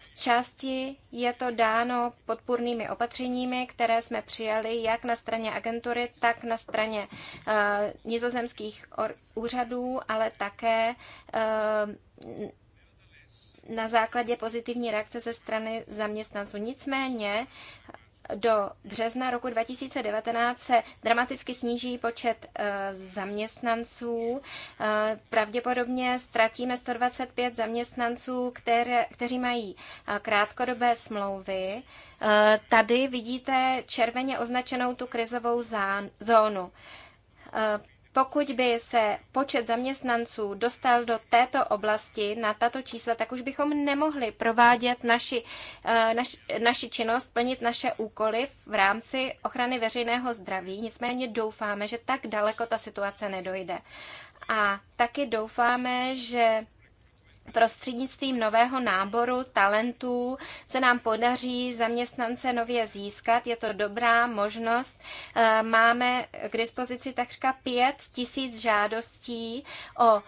Z části je to dáno podpůrnými opatřeními, které jsme přijali jak na straně agentury, tak na straně uh, nizozemských úřadů, ale také uh, na základě pozitivní reakce ze strany zaměstnanců. Nicméně do března roku 2019 se dramaticky sníží počet eh, zaměstnanců. Eh, pravděpodobně ztratíme 125 zaměstnanců, které, kteří mají eh, krátkodobé smlouvy. Tady vidíte červeně označenou tu krizovou zónu. Pokud by se počet zaměstnanců dostal do této oblasti, na tato čísla, tak už bychom nemohli provádět naši, eh, naš, naši činnost, plnit naše úkoly v rámci ochrany veřejného zdraví. Nicméně doufáme, že tak daleko ta situace nedojde. A taky doufáme, že prostřednictvím nového náboru talentů se nám podaří zaměstnance nově získat. Je to dobrá možnost. Eh, máme k dispozici takřka pět tisíc žádostí o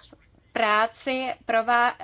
práci. Prová...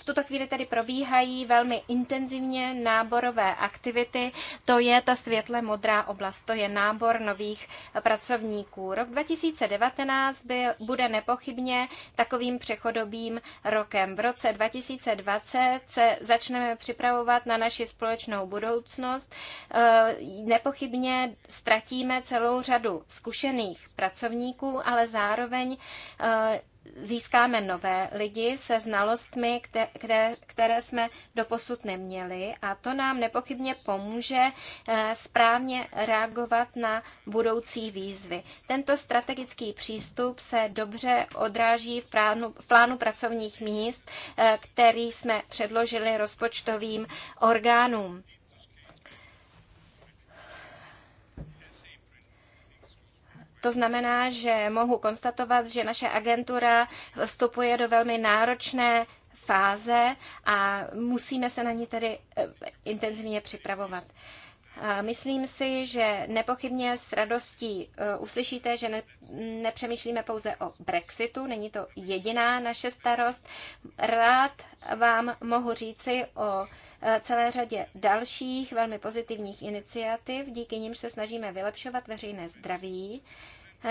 V tuto chvíli tedy probíhají velmi intenzivně náborové aktivity. To je ta světle modrá oblast, to je nábor nových pracovníků. Rok 2019 byl, bude nepochybně takovým přechodobým rokem. V roce 2020 se začneme připravovat na naši společnou budoucnost. Eh, nepochybně ztratíme celou řadu zkušených pracovníků, ale zároveň eh, získáme nové lidi se znalostmi, které, které jsme doposud neměli a to nám nepochybně pomůže eh, správně reagovat na budoucí výzvy. Tento strategický přístup se dobře odráží v plánu, v plánu pracovních míst, eh, který jsme předložili rozpočtovým orgánům. To znamená, že mohu konstatovat, že naše agentura vstupuje do velmi náročné fáze a musíme se na ní tedy eh, intenzivně připravovat. Myslím si, že nepochybně s radostí uh, uslyšíte, že ne, nepřemýšlíme pouze o Brexitu, není to jediná naše starost. Rád vám mohu říci o uh, celé řadě dalších velmi pozitivních iniciativ, díky nimž se snažíme vylepšovat veřejné zdraví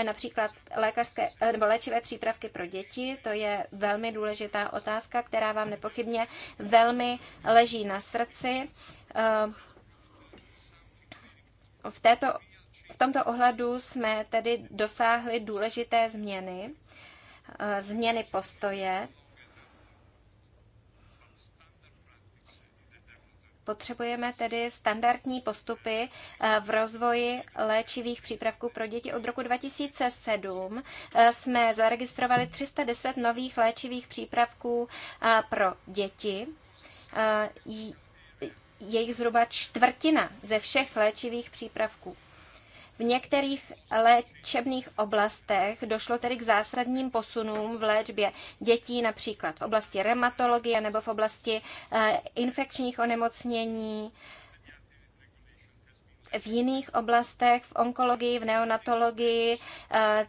například lékařské eh, nebo léčivé přípravky pro děti. To je velmi důležitá otázka, která vám nepochybně velmi leží na srdci. Eh, v, této, v tomto ohledu jsme tedy dosáhli důležité změny, eh, změny postoje. Potřebujeme tedy standardní postupy eh, v rozvoji léčivých přípravků pro děti. Od roku 2007 eh, jsme zaregistrovali 310 nových léčivých přípravků pro děti jejich zhruba čtvrtina ze všech léčivých přípravků. V některých léčebných oblastech došlo tedy k zásadním posunům v léčbě dětí, například v oblasti reumatologie nebo v oblasti eh, infekčních onemocnění. V jiných oblastech, v onkologii, v neonatologii, eh,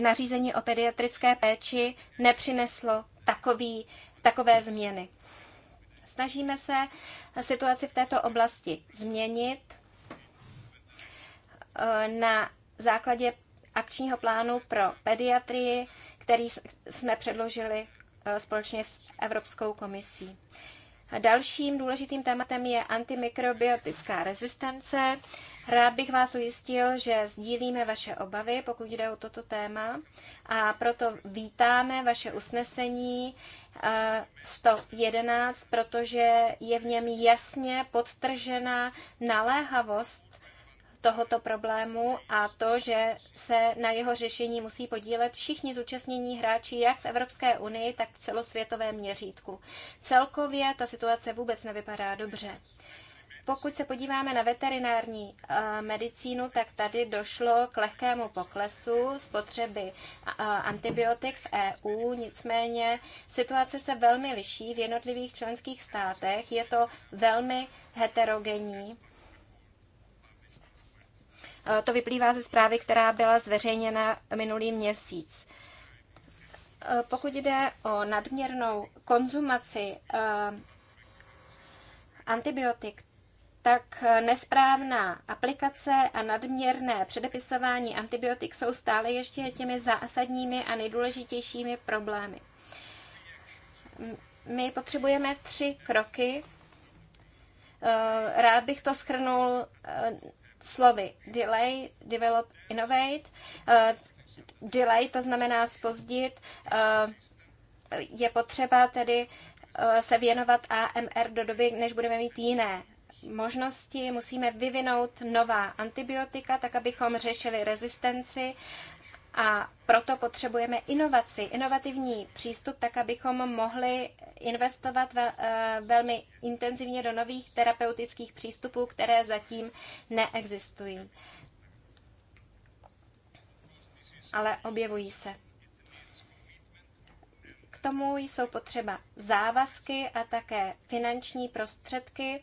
nařízení o pediatrické péči nepřineslo takový, takové změny. Snažíme se situaci v této oblasti změnit eh, na základě akčního plánu pro pediatrii, který jsme předložili eh, společně s Evropskou komisí. Dalším důležitým tématem je antimikrobiotická rezistence. Rád bych vás ujistil, že sdílíme vaše obavy, pokud jde o toto téma, a proto vítáme vaše usnesení 111, eh, protože je v něm jasně podtržena naléhavost tohoto problému a to, že se na jeho řešení musí podílet všichni zúčastnění hráči jak v Evropské unii, tak v celosvětovém měřítku. Celkově ta situace vůbec nevypadá dobře. Pokud se podíváme na veterinární eh, medicínu, tak tady došlo k lehkému poklesu spotřeby antibiotik v EU, nicméně situace se velmi liší v jednotlivých členských státech, je to velmi heterogenní. Eh, to vyplývá ze zprávy, která byla zveřejněna minulý měsíc. Eh, pokud jde o nadměrnou konzumaci antibiotik, tak eh, nesprávná aplikace a nadměrné předepisování antibiotik jsou stále ještě těmi zásadními a nejdůležitějšími problémy. My potřebujeme tři kroky. Eh, rád bych to schrnul eh, slovy delay, develop, innovate. Delay to znamená spozdit. Je potřeba tedy se věnovat AMR do doby, než budeme mít jiné možnosti, musíme vyvinout nová antibiotika, tak abychom řešili rezistenci a proto potřebujeme inovaci, inovativní přístup, tak abychom mohli investovat ve, eh, velmi intenzivně do nových terapeutických přístupů, které zatím neexistují. Ale objevují se. K tomu jsou potřeba závazky a také finanční prostředky.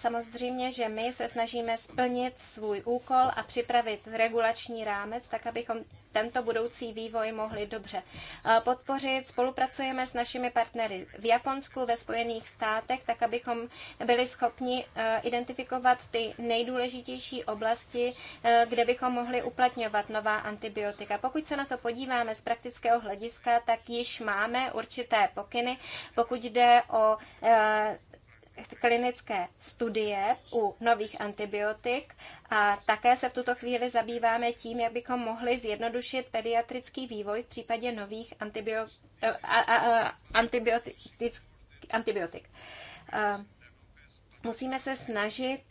Samozřejmě, že my se snažíme splnit svůj úkol a připravit regulační rámec, tak abychom tento budoucí vývoj mohli dobře eh, podpořit. Spolupracujeme s našimi partnery v Japonsku, ve Spojených státech, tak abychom byli schopni eh, identifikovat ty nejdůležitější oblasti, eh, kde bychom mohli uplatňovat nová antibiotika. Pokud se na to podíváme z praktického hlediska, tak již máme určité pokyny, pokud jde o klinické studie u nových antibiotik a také se v tuto chvíli zabýváme tím, jak bychom mohli zjednodušit pediatrický vývoj v případě nových antibio, a, a, a, antibiotik. Musíme se snažit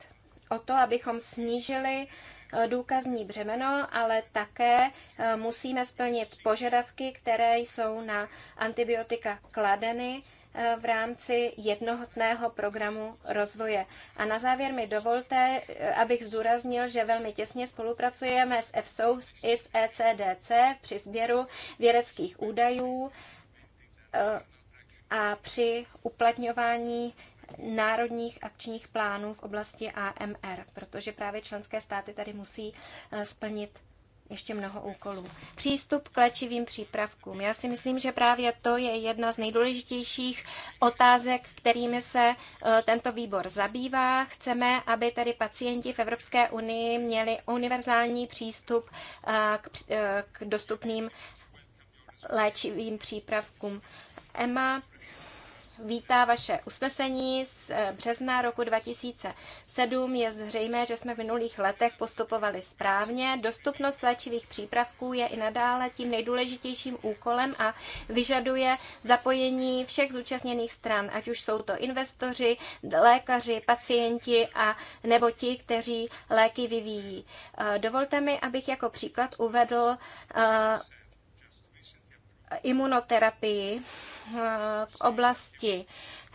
o to, abychom snížili e, důkazní břemeno, ale také e, musíme splnit požadavky, které jsou na antibiotika kladeny Eh, v rámci jednotného programu rozvoje. A na závěr mi dovolte, eh, abych zdůraznil, že velmi těsně spolupracujeme s EFSO i s ECDC při sběru vědeckých údajů eh, a při uplatňování národních akčních plánů v oblasti AMR, protože právě členské státy tady musí splnit ještě mnoho úkolů. Přístup k léčivým přípravkům. Já si myslím, že právě to je jedna z nejdůležitějších otázek, kterými se eh, tento výbor zabývá. Chceme, aby tedy pacienti v Evropské unii měli univerzální přístup eh, eh, k dostupným léčivým přípravkům. EMA vítá vaše usnesení z eh, března roku 2007. Je zřejmé, že jsme v minulých letech postupovali správně. Dostupnost léčivých přípravků je i nadále tím nejdůležitějším úkolem a vyžaduje zapojení všech zúčastněných stran, ať už jsou to investoři, lékaři, pacienti a nebo ti, kteří léky vyvíjí. Eh, dovolte mi, abych jako příklad uvedl eh, imunoterapii eh, v oblasti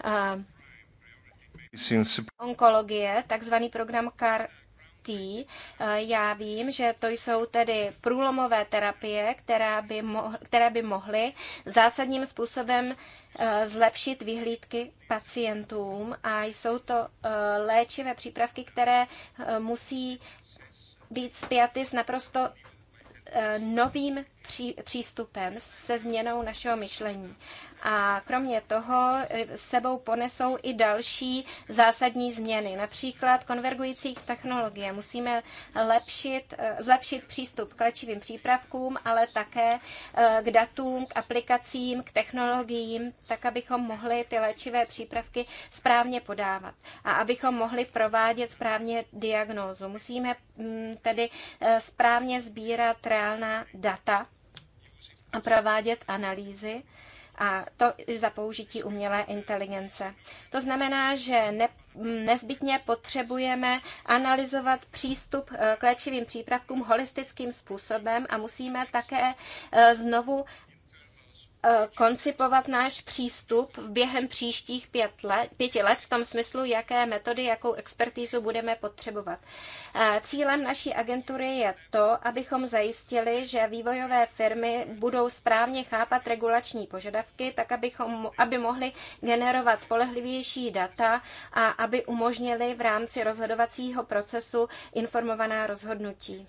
eh, onkologie, takzvaný program CAR T. Eh, já vím, že to jsou tedy průlomové terapie, která by mohly, které by mohly zásadním způsobem zlepšit vyhlídky pacientům a jsou to léčivé přípravky, které musí být spjaty s naprosto novým přístupem, se změnou našeho myšlení a kromě toho eh, sebou ponesou i další zásadní změny, například konvergující technologie. Musíme lepšit, eh, zlepšit přístup k léčivým přípravkům, ale také eh, k datům, k aplikacím, k technologiím, tak abychom mohli ty léčivé přípravky správně podávat a abychom mohli provádět správně diagnózu. Musíme mm, tedy správně sbírat reálná data a provádět analýzy a to i za použití umělé inteligence. To znamená, že ne, nezbytně potřebujeme analyzovat přístup eh, k léčivým přípravkům holistickým způsobem a musíme také eh, znovu Eh, koncipovat náš přístup během příštích pět let, pěti let v tom smyslu, jaké metody, jakou expertízu budeme potřebovat. Eh, cílem naší agentury je to, abychom zajistili, že vývojové firmy budou správně chápat regulační požadavky, tak abychom, aby mohli generovat spolehlivější data a aby umožnili v rámci rozhodovacího procesu informovaná rozhodnutí.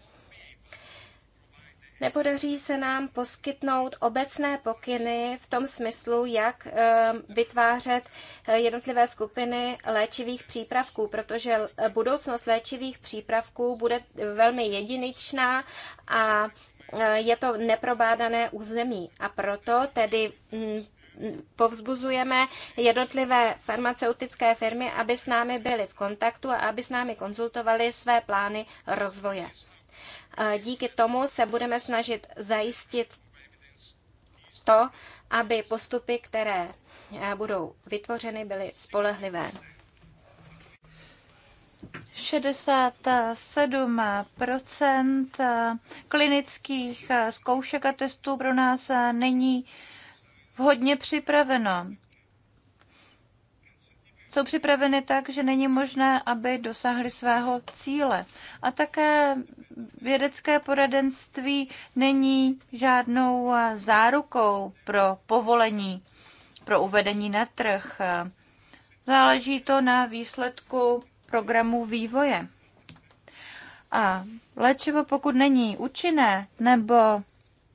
Nepodaří se nám poskytnout obecné pokyny v tom smyslu, jak eh, vytvářet eh, jednotlivé skupiny léčivých přípravků, protože eh, budoucnost léčivých přípravků bude velmi jedinečná a je to neprobádané území. A proto tedy mm, povzbuzujeme jednotlivé farmaceutické firmy, aby s námi byly v kontaktu a aby s námi konzultovali své plány rozvoje. Díky tomu se budeme snažit zajistit to, aby postupy, které eh, budou vytvořeny, byly spolehlivé. 67 eh, klinických eh, zkoušek a testů pro nás není vhodně připraveno jsou připraveny tak, že není možné, aby dosáhly svého cíle. A také vědecké poradenství není žádnou eh, zárukou pro povolení, pro uvedení na trh. Záleží to na výsledku programu vývoje. A léčivo, pokud není účinné nebo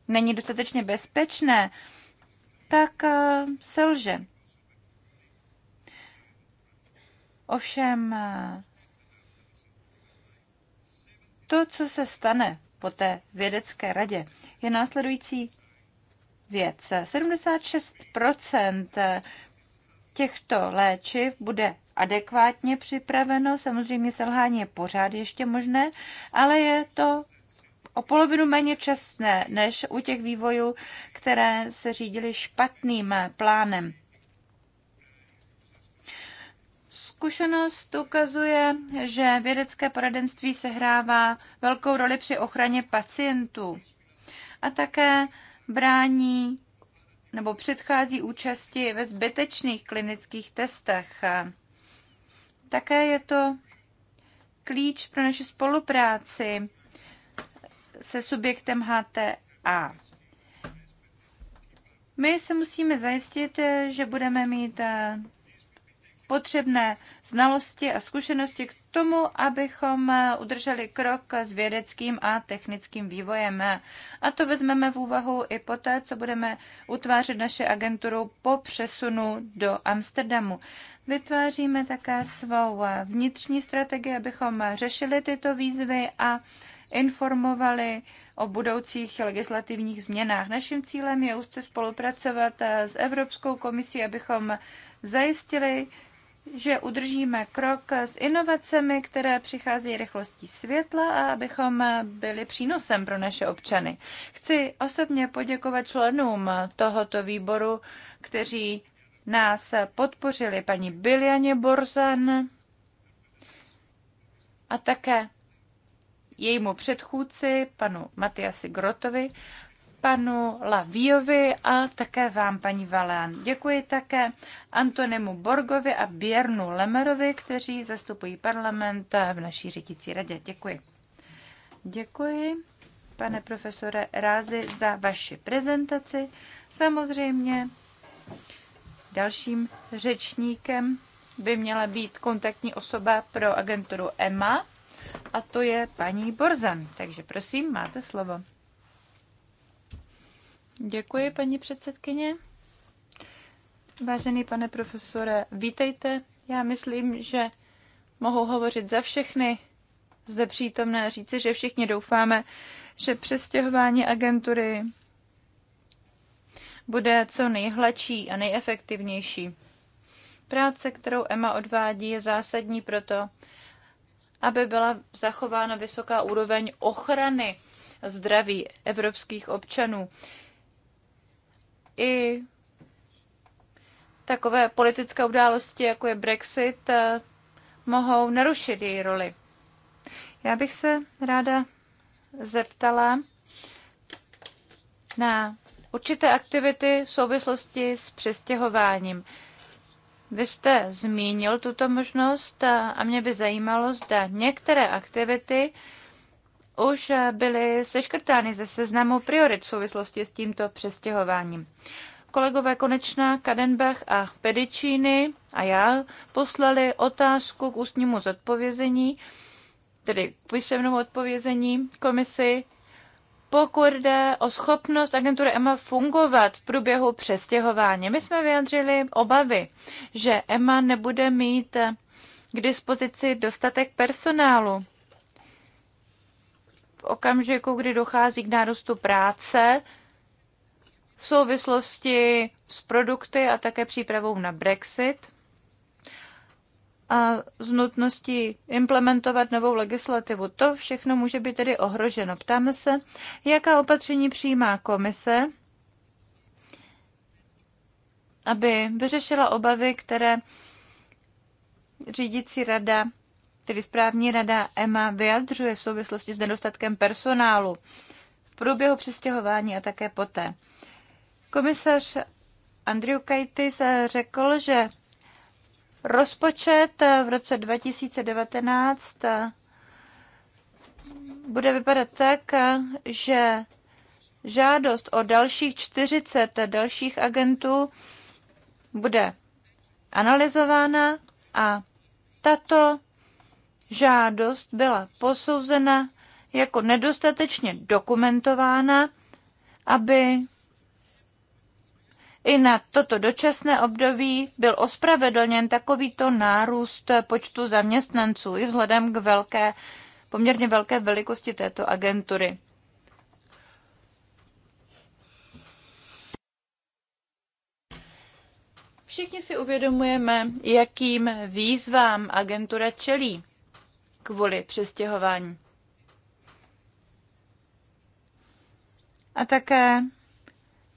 není dostatečně bezpečné, tak eh, selže. Ovšem eh, to, co se stane po té vědecké radě, je následující věc. 76% eh, těchto léčiv bude adekvátně připraveno. Samozřejmě selhání je pořád ještě možné, ale je to o polovinu méně čestné než u těch vývojů, které se řídily špatným eh, plánem. Zkušenost ukazuje, že vědecké poradenství sehrává velkou roli při ochraně pacientů a také brání nebo předchází účasti ve zbytečných klinických testech. Také je to klíč pro naši spolupráci se subjektem HTA. My se musíme zajistit, že budeme mít potřebné znalosti a zkušenosti k tomu, abychom udrželi krok s vědeckým a technickým vývojem. A to vezmeme v úvahu i poté, co budeme utvářet naše agenturu po přesunu do Amsterdamu. Vytváříme také svou vnitřní strategii, abychom řešili tyto výzvy a informovali o budoucích legislativních změnách. Naším cílem je úzce spolupracovat s Evropskou komisí, abychom zajistili že udržíme krok s inovacemi, které přicházejí rychlostí světla a abychom byli přínosem pro naše občany. Chci osobně poděkovat členům tohoto výboru, kteří nás podpořili paní Biljaně Borzan a také jejímu předchůdci, panu Matiasi Grotovi panu Laviovi a také vám, paní Valán. Děkuji také Antonemu Borgovi a Běrnu Lemerovi, kteří zastupují parlament v naší řídící radě. Děkuji. Děkuji, pane profesore Rázy, za vaši prezentaci. Samozřejmě dalším řečníkem by měla být kontaktní osoba pro agenturu EMA, a to je paní Borzan. Takže prosím, máte slovo. Děkuji, paní předsedkyně. Vážený pane profesore, vítejte. Já myslím, že mohu hovořit za všechny zde přítomné a říci, že všichni doufáme, že přestěhování agentury bude co nejhladší a nejefektivnější. Práce, kterou Emma odvádí, je zásadní proto, aby byla zachována vysoká úroveň ochrany zdraví evropských občanů i takové politické události, jako je Brexit, eh, mohou narušit její roli. Já bych se ráda zeptala na určité aktivity v souvislosti s přestěhováním. Vy jste zmínil tuto možnost a mě by zajímalo, zda některé aktivity, už byly seškrtány ze seznamu priorit v souvislosti s tímto přestěhováním. Kolegové Konečná, Kadenbach a Pedicini a já poslali otázku k ústnímu zodpovězení, tedy k písemnému odpovězení komisi, pokud jde o schopnost agentury EMA fungovat v průběhu přestěhování. My jsme vyjadřili obavy, že EMA nebude mít k dispozici dostatek personálu v okamžiku, kdy dochází k nárůstu práce v souvislosti s produkty a také přípravou na Brexit a z nutností implementovat novou legislativu. To všechno může být tedy ohroženo. Ptáme se, jaká opatření přijímá komise, aby vyřešila obavy, které řídící rada který správní rada EMA vyjadřuje v souvislosti s nedostatkem personálu v průběhu přestěhování a také poté. Komisař Andrew Kajtis řekl, že rozpočet v roce 2019 bude vypadat tak, že žádost o dalších 40 dalších agentů bude analyzována a tato žádost byla posouzena jako nedostatečně dokumentována, aby i na toto dočasné období byl ospravedlněn takovýto nárůst počtu zaměstnanců i vzhledem k velké, poměrně velké velikosti této agentury. Všichni si uvědomujeme, jakým výzvám agentura čelí kvůli přestěhování. A také,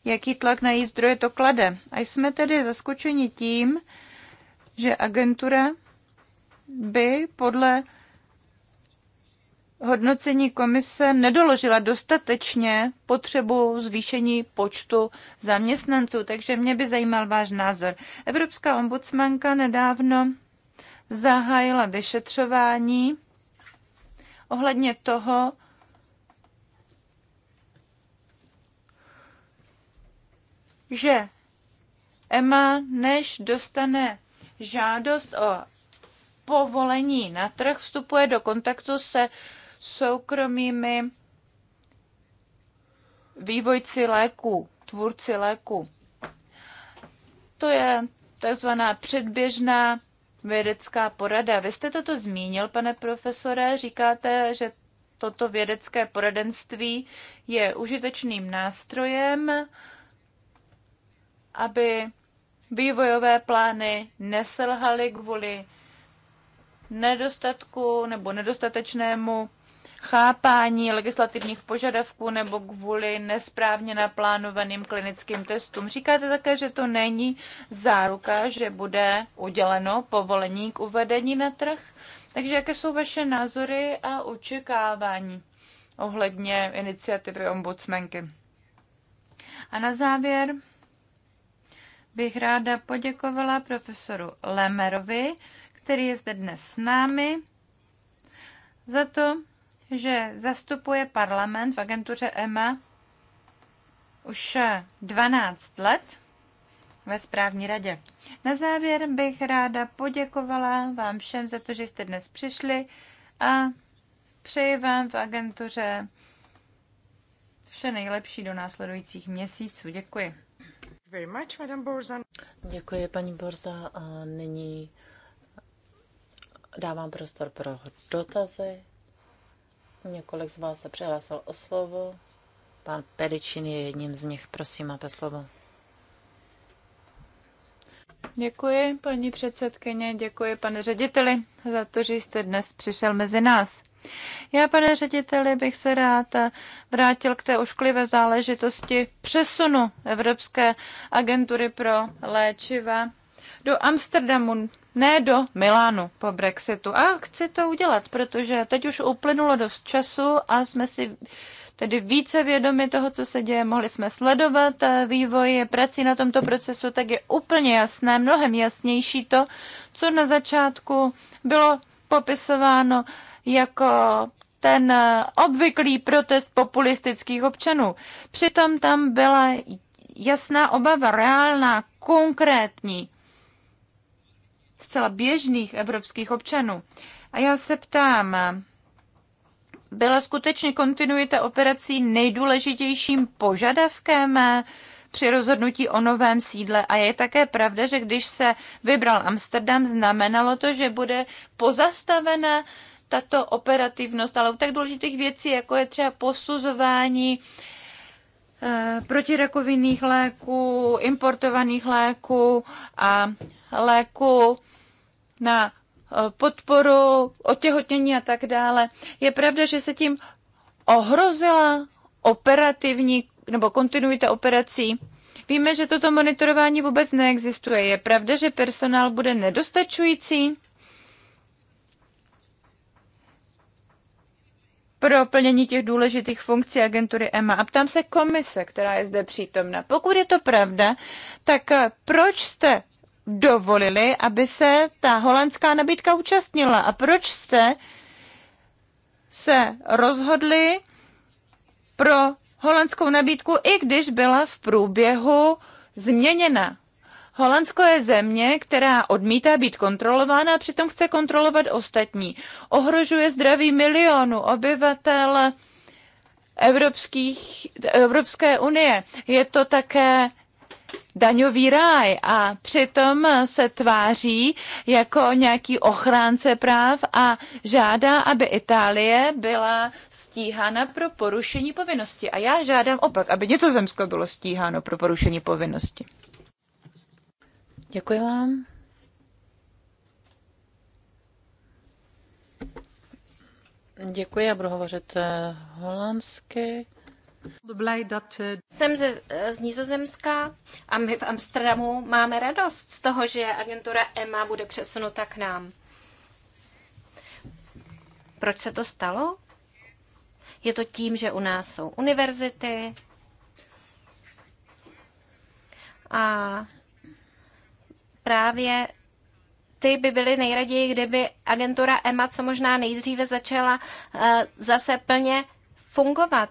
jaký tlak na její zdroje to klade. A jsme tedy zaskočeni tím, že agentura by podle hodnocení komise nedoložila dostatečně potřebu zvýšení počtu zaměstnanců, takže mě by zajímal váš názor. Evropská ombudsmanka nedávno zahájila vyšetřování ohledně toho, že Emma, než dostane žádost o povolení na trh, vstupuje do kontaktu se soukromými vývojci léku, tvůrci léku. To je takzvaná předběžná vědecká porada. Vy jste toto zmínil, pane profesore, říkáte, že toto vědecké poradenství je užitečným nástrojem, aby vývojové plány neselhaly kvůli nedostatku nebo nedostatečnému chápání legislativních požadavků nebo kvůli nesprávně naplánovaným klinickým testům. Říkáte také, že to není záruka, že bude uděleno povolení k uvedení na trh. Takže jaké jsou vaše názory a očekávání ohledně iniciativy ombudsmenky? A na závěr bych ráda poděkovala profesoru Lemerovi, který je zde dnes s námi, za to, že zastupuje parlament v agentuře EMA už 12 let ve správní radě. Na závěr bych ráda poděkovala vám všem za to, že jste dnes přišli a přeji vám v agentuře vše nejlepší do následujících měsíců. Děkuji. Děkuji, paní Borza. A nyní dávám prostor pro dotazy. Několik z vás se přihlásil o slovo. Pan Peričin je jedním z nich. Prosím, máte slovo. Děkuji, paní předsedkyně, děkuji, pane řediteli, za to, že jste dnes přišel mezi nás. Já, pane řediteli, bych se rád vrátil k té ošklivé záležitosti přesunu Evropské agentury pro léčiva do Amsterdamu ne do Milánu po Brexitu. A chci to udělat, protože teď už uplynulo dost času a jsme si tedy více vědomi toho, co se děje. Mohli jsme sledovat eh, vývoj prací na tomto procesu, tak je úplně jasné, mnohem jasnější to, co na začátku bylo popisováno jako ten eh, obvyklý protest populistických občanů. Přitom tam byla jasná obava, reálná, konkrétní zcela běžných evropských občanů. A já se ptám, byla skutečně kontinuita operací nejdůležitějším požadavkem při rozhodnutí o novém sídle. A je také pravda, že když se vybral Amsterdam, znamenalo to, že bude pozastavena tato operativnost, ale u tak důležitých věcí, jako je třeba posuzování eh, protirakovinných léků, importovaných léků a léků na eh, podporu otěhotnění a tak dále. Je pravda, že se tím ohrozila operativní nebo kontinuita operací. Víme, že toto monitorování vůbec neexistuje. Je pravda, že personál bude nedostačující pro plnění těch důležitých funkcí agentury EMA. A ptám se komise, která je zde přítomna. Pokud je to pravda, tak eh, proč jste dovolili, aby se ta holandská nabídka účastnila. A proč jste se rozhodli pro holandskou nabídku, i když byla v průběhu změněna? Holandsko je země, která odmítá být kontrolována a přitom chce kontrolovat ostatní. Ohrožuje zdraví milionů obyvatel Evropských, Evropské unie. Je to také daňový ráj a přitom se tváří jako nějaký ochránce práv a žádá, aby Itálie byla stíhána pro porušení povinnosti. A já žádám opak, aby něco zemsko bylo stíháno pro porušení povinnosti. Děkuji vám. Děkuji, já budu hovořit eh, holandsky. Jsem ze, eh, z Nizozemska a my v Amsterdamu máme radost z toho, že agentura EMA bude přesunuta k nám. Proč se to stalo? Je to tím, že u nás jsou univerzity a právě ty by byly nejraději, kdyby agentura EMA co možná nejdříve začala eh, zase plně fungovat.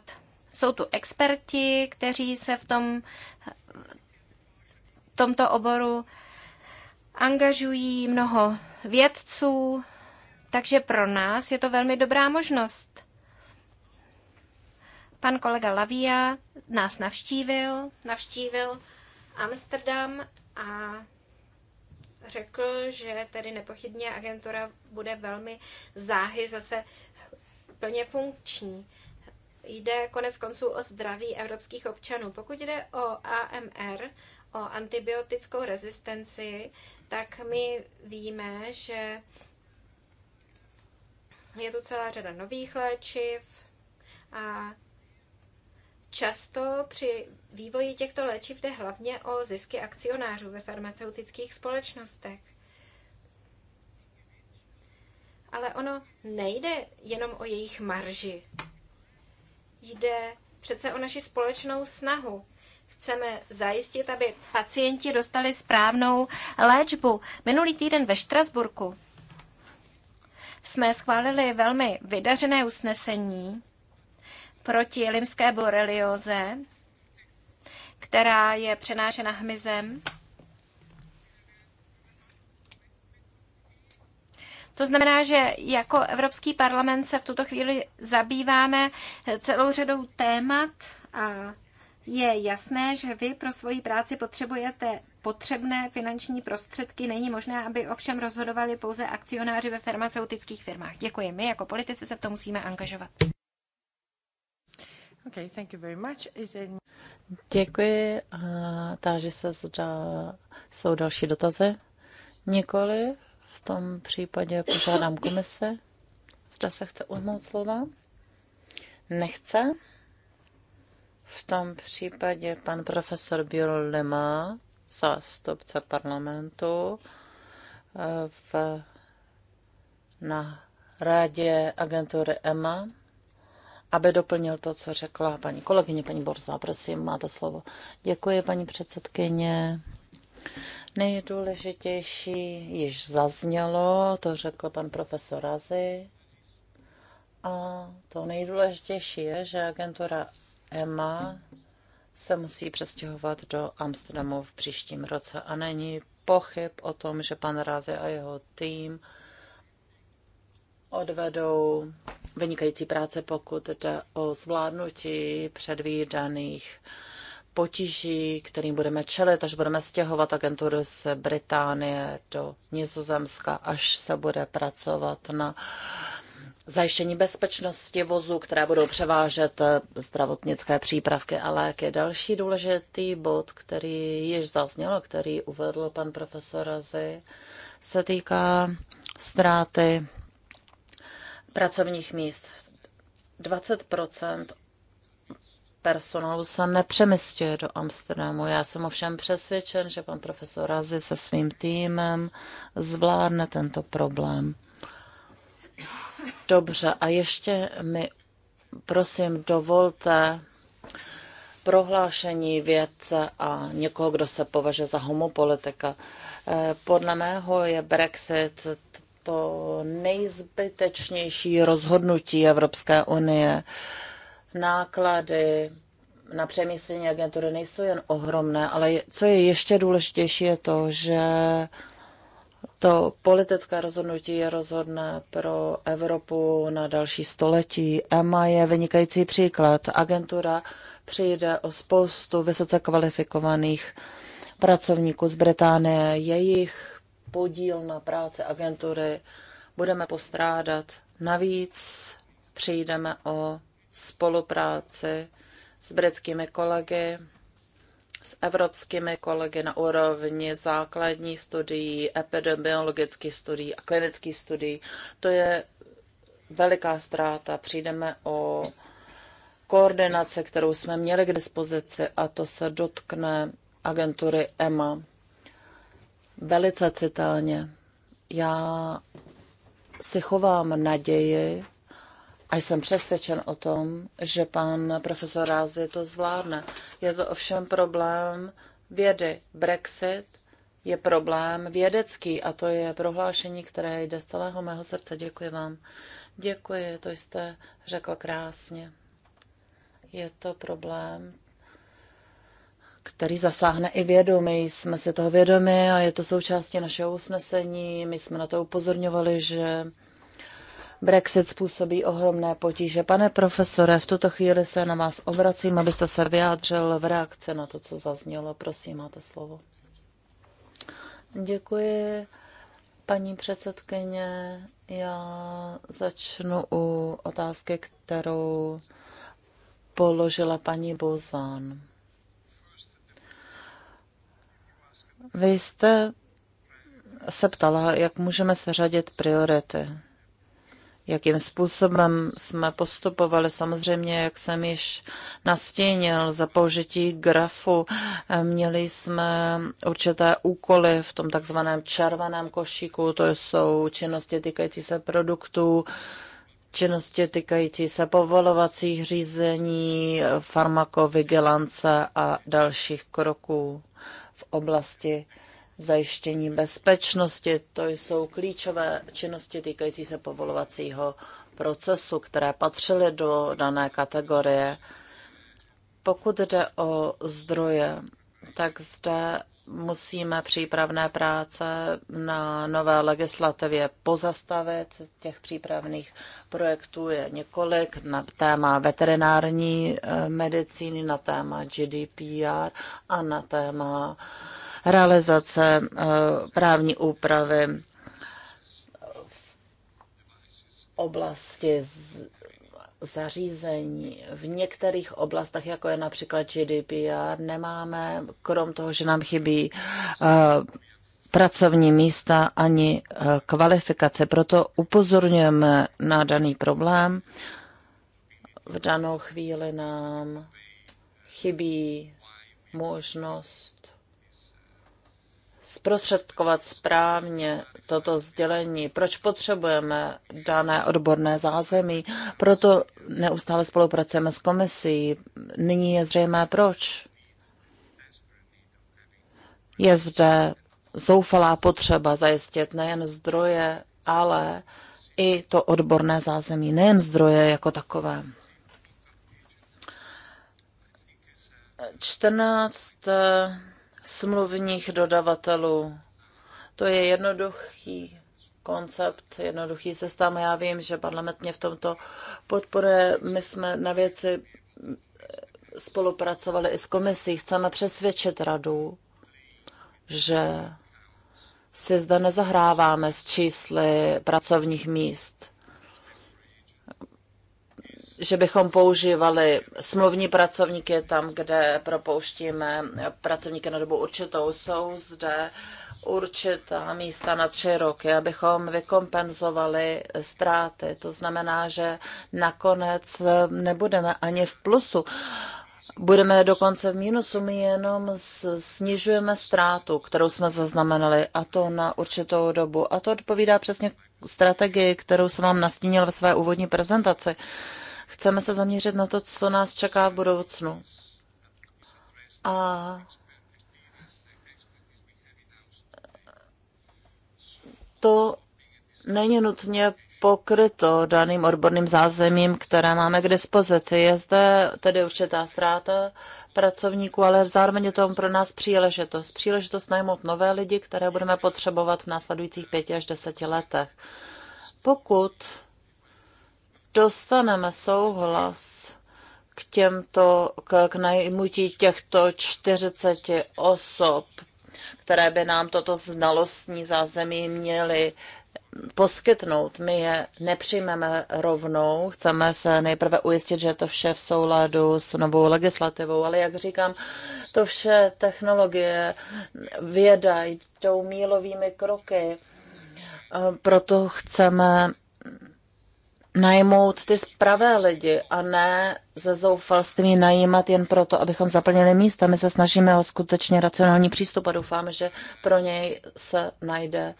Jsou tu experti, kteří se v tom v tomto oboru angažují mnoho vědců, takže pro nás je to velmi dobrá možnost. Pan kolega Lavia nás navštívil, navštívil Amsterdam a řekl, že tedy nepochybně agentura bude velmi záhy zase plně funkční jde konec konců o zdraví evropských občanů. Pokud jde o AMR, o antibiotickou rezistenci, tak my víme, že je tu celá řada nových léčiv a často při vývoji těchto léčiv jde hlavně o zisky akcionářů ve farmaceutických společnostech. Ale ono nejde jenom o jejich marži. Jde přece o naši společnou snahu. Chceme zajistit, aby pacienti dostali správnou léčbu. Minulý týden ve Štrasburku jsme schválili velmi vydařené usnesení proti limské borelioze, která je přenášena hmyzem. To znamená, že jako Evropský parlament se v tuto chvíli zabýváme celou řadou témat a je jasné, že vy pro svoji práci potřebujete potřebné finanční prostředky. Není možné, aby ovšem rozhodovali pouze akcionáři ve farmaceutických firmách. Děkuji. My jako politici se v to musíme angažovat. Okay, thank you very much. Is it... Děkuji Takže se, zda jsou další dotazy. Nikoli, v tom případě požádám komise, zda se chce ujmout slova. Nechce. V tom případě pan profesor Biol Lema, zástupce parlamentu, eh, v, na rádě agentury EMA, aby doplnil to, co řekla paní kolegyně, paní Borza. Prosím, máte slovo. Děkuji, paní předsedkyně. Nejdůležitější již zaznělo, to řekl pan profesor Razy. A to nejdůležitější je, že agentura EMA se musí přestěhovat do Amsterdamu v příštím roce a není pochyb o tom, že pan Razy a jeho tým odvedou vynikající práce, pokud jde o zvládnutí předvídaných potíží, kterým budeme čelit, až budeme stěhovat agenturu z Británie do Nizozemska, až se bude pracovat na zajištění bezpečnosti vozů, které budou převážet eh, zdravotnické přípravky a léky. Další důležitý bod, který již zazněl, který uvedl pan profesor Razy, se týká ztráty pracovních míst. 20 personálu se nepřemysťuje do Amsterdamu. Já jsem ovšem přesvědčen, že pan profesor Razi se svým týmem zvládne tento problém. Dobře, a ještě mi prosím dovolte prohlášení vědce a někoho, kdo se považuje za homopolitika. Eh, podle mého je Brexit to nejzbytečnější rozhodnutí Evropské unie náklady na přemístění agentury nejsou jen ohromné, ale co je ještě důležitější, je to, že to politické rozhodnutí je rozhodné pro Evropu na další století. EMA je vynikající příklad. Agentura přijde o spoustu vysoce kvalifikovaných pracovníků z Británie. Jejich podíl na práci agentury budeme postrádat. Navíc přijdeme o spolupráci s britskými kolegy, s evropskými kolegy na úrovni základních studií, epidemiologických studií a klinických studií. To je veliká ztráta. Přijdeme o koordinace, kterou jsme měli k dispozici a to se dotkne agentury EMA velice citelně. Já si chovám naději, a jsem přesvědčen o tom, že pan profesor Rázy to zvládne. Je to ovšem problém vědy. Brexit je problém vědecký a to je prohlášení, které jde z celého mého srdce. Děkuji vám. Děkuji, to jste řekl krásně. Je to problém, který zasáhne i vědu. My jsme si toho vědomi a je to součástí našeho usnesení. My jsme na to upozorňovali, že Brexit způsobí ohromné potíže. Pane profesore, v tuto chvíli se na vás obracím, abyste se vyjádřil v reakci na to, co zaznělo. Prosím, máte slovo. Děkuji, paní předsedkyně. Já začnu u otázky, kterou položila paní Bozán. Vy jste se ptala, jak můžeme seřadit priority jakým způsobem jsme postupovali. Samozřejmě, jak jsem již nastínil, za použití grafu eh, měli jsme určité úkoly v tom takzvaném červeném košíku, to jsou činnosti týkající se produktů, činnosti týkající se povolovacích řízení, farmakovigilance a dalších kroků v oblasti zajištění bezpečnosti. To jsou klíčové činnosti týkající se povolovacího procesu, které patřily do dané kategorie. Pokud jde o zdroje, tak zde musíme přípravné práce na nové legislativě pozastavit. Těch přípravných projektů je několik na téma veterinární eh, medicíny, na téma GDPR a na téma uh, realizace eh, právní úpravy v oblasti zařízení. V některých oblastech, jako je například GDPR, nemáme, krom toho, že nám chybí eh, pracovní místa ani eh, kvalifikace. Proto upozorňujeme na daný problém. V danou chvíli nám chybí možnost zprostředkovat správně toto sdělení, proč potřebujeme dané odborné zázemí. Proto neustále spolupracujeme s komisí. Nyní je zřejmé proč. Je zde zoufalá potřeba zajistit nejen zdroje, ale i to odborné zázemí, nejen zdroje jako takové. 14 smluvních dodavatelů. To je jednoduchý koncept, jednoduchý systém. Já vím, že parlament mě v tomto podporuje. My jsme na věci spolupracovali i s komisí. Chceme přesvědčit radu, že si zde nezahráváme s čísly pracovních míst že bychom používali smluvní pracovníky tam, kde propouštíme pracovníky na dobu určitou. Jsou zde určitá místa na tři roky, abychom vykompenzovali ztráty. To znamená, že nakonec nebudeme ani v plusu. Budeme dokonce v mínusu, my jenom snižujeme ztrátu, kterou jsme zaznamenali, a to na určitou dobu. A to odpovídá přesně strategii, kterou jsem vám nastínil ve své úvodní prezentaci. Chceme se zaměřit na to, co nás čeká v budoucnu. A to není nutně pokryto daným odborným zázemím, které máme k dispozici. Je zde tedy určitá ztráta pracovníků, ale zároveň je to pro nás příležitost. Příležitost najmout nové lidi, které budeme potřebovat v následujících pěti až deseti letech. Pokud dostaneme souhlas k těmto, k, k najmutí těchto 40 osob, které by nám toto znalostní zázemí měly poskytnout. My je nepřijmeme rovnou, chceme se nejprve ujistit, že je to vše v souladu s novou legislativou, ale jak říkám, to vše technologie, věda jdou mílovými kroky. Proto chceme najmout ty spravé lidi a ne ze zoufalství najímat jen proto, abychom zaplnili místa. My se snažíme o skutečně racionální přístup a doufáme, že pro něj se najde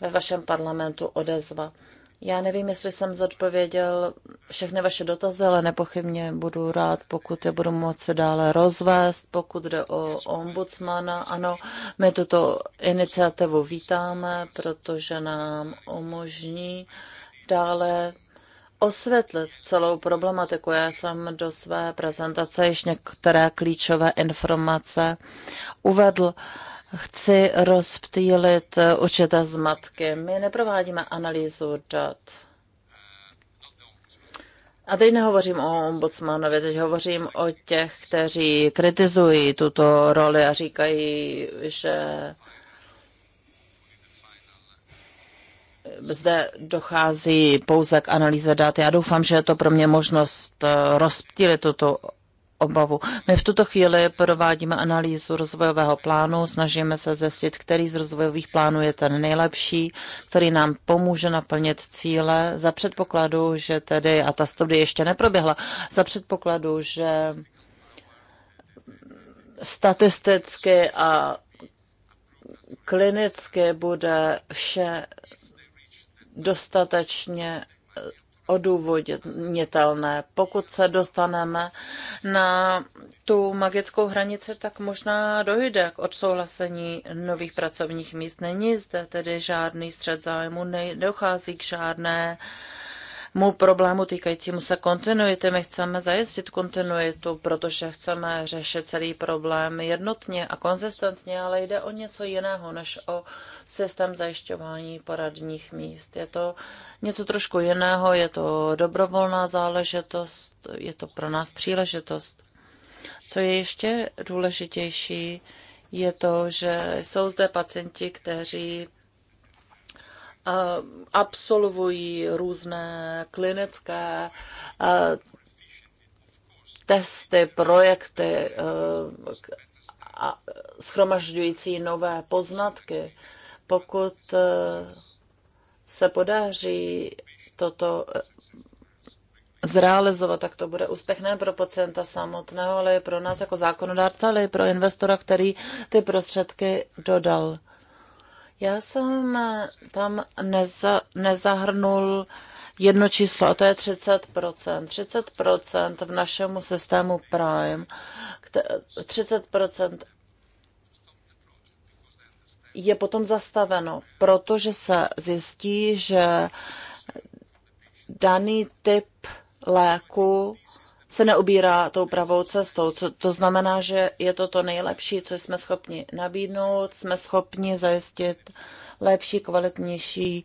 ve vašem parlamentu odezva. Já nevím, jestli jsem zodpověděl všechny vaše dotazy, ale nepochybně budu rád, pokud je budu moci dále rozvést, pokud jde o ombudsmana. Ano, my tuto iniciativu vítáme, protože nám umožní dále osvětlit celou problematiku. Já jsem do své prezentace již některé klíčové informace uvedl. Chci rozptýlit eh, určité zmatky. My neprovádíme analýzu dat. A teď nehovořím o ombudsmanovi, teď hovořím o těch, kteří kritizují tuto roli a říkají, že zde dochází pouze k analýze dat. Já doufám, že je to pro mě možnost eh, rozptýlit tuto obavu. My v tuto chvíli provádíme analýzu rozvojového plánu, snažíme se zjistit, který z rozvojových plánů je ten nejlepší, který nám pomůže naplnit cíle za předpokladu, že tedy, a ta studie ještě neproběhla, za předpokladu, že statisticky a klinicky bude vše dostatečně eh, odůvodnitelné. Pokud se dostaneme na tu magickou hranici, tak možná dojde k odsouhlasení nových pracovních míst. Není zde tedy žádný střed zájmu, nedochází k žádné uh, mu problému týkajícímu se kontinuity. My chceme zajistit kontinuitu, protože chceme řešit celý problém jednotně a konzistentně, ale jde o něco jiného než o systém zajišťování poradních míst. Je to něco trošku jiného, je to dobrovolná záležitost, je to pro nás příležitost. Co je ještě důležitější, je to, že jsou zde pacienti, kteří absolvují různé klinické testy, projekty schromažďující nové poznatky. Pokud se podaří toto e, zrealizovat, tak to bude úspěch nejen pro pacienta samotného, ale i pro nás jako zákonodárce, ale i pro investora, který ty prostředky dodal. Já jsem eh, tam neza, nezahrnul jedno číslo, a to je 30%. 30% v našemu systému Prime, 30% je potom zastaveno, protože se zjistí, že daný typ léku se neubírá tou pravou cestou. Co, to znamená, že je to to nejlepší, co jsme schopni nabídnout, jsme schopni zajistit lepší, kvalitnější,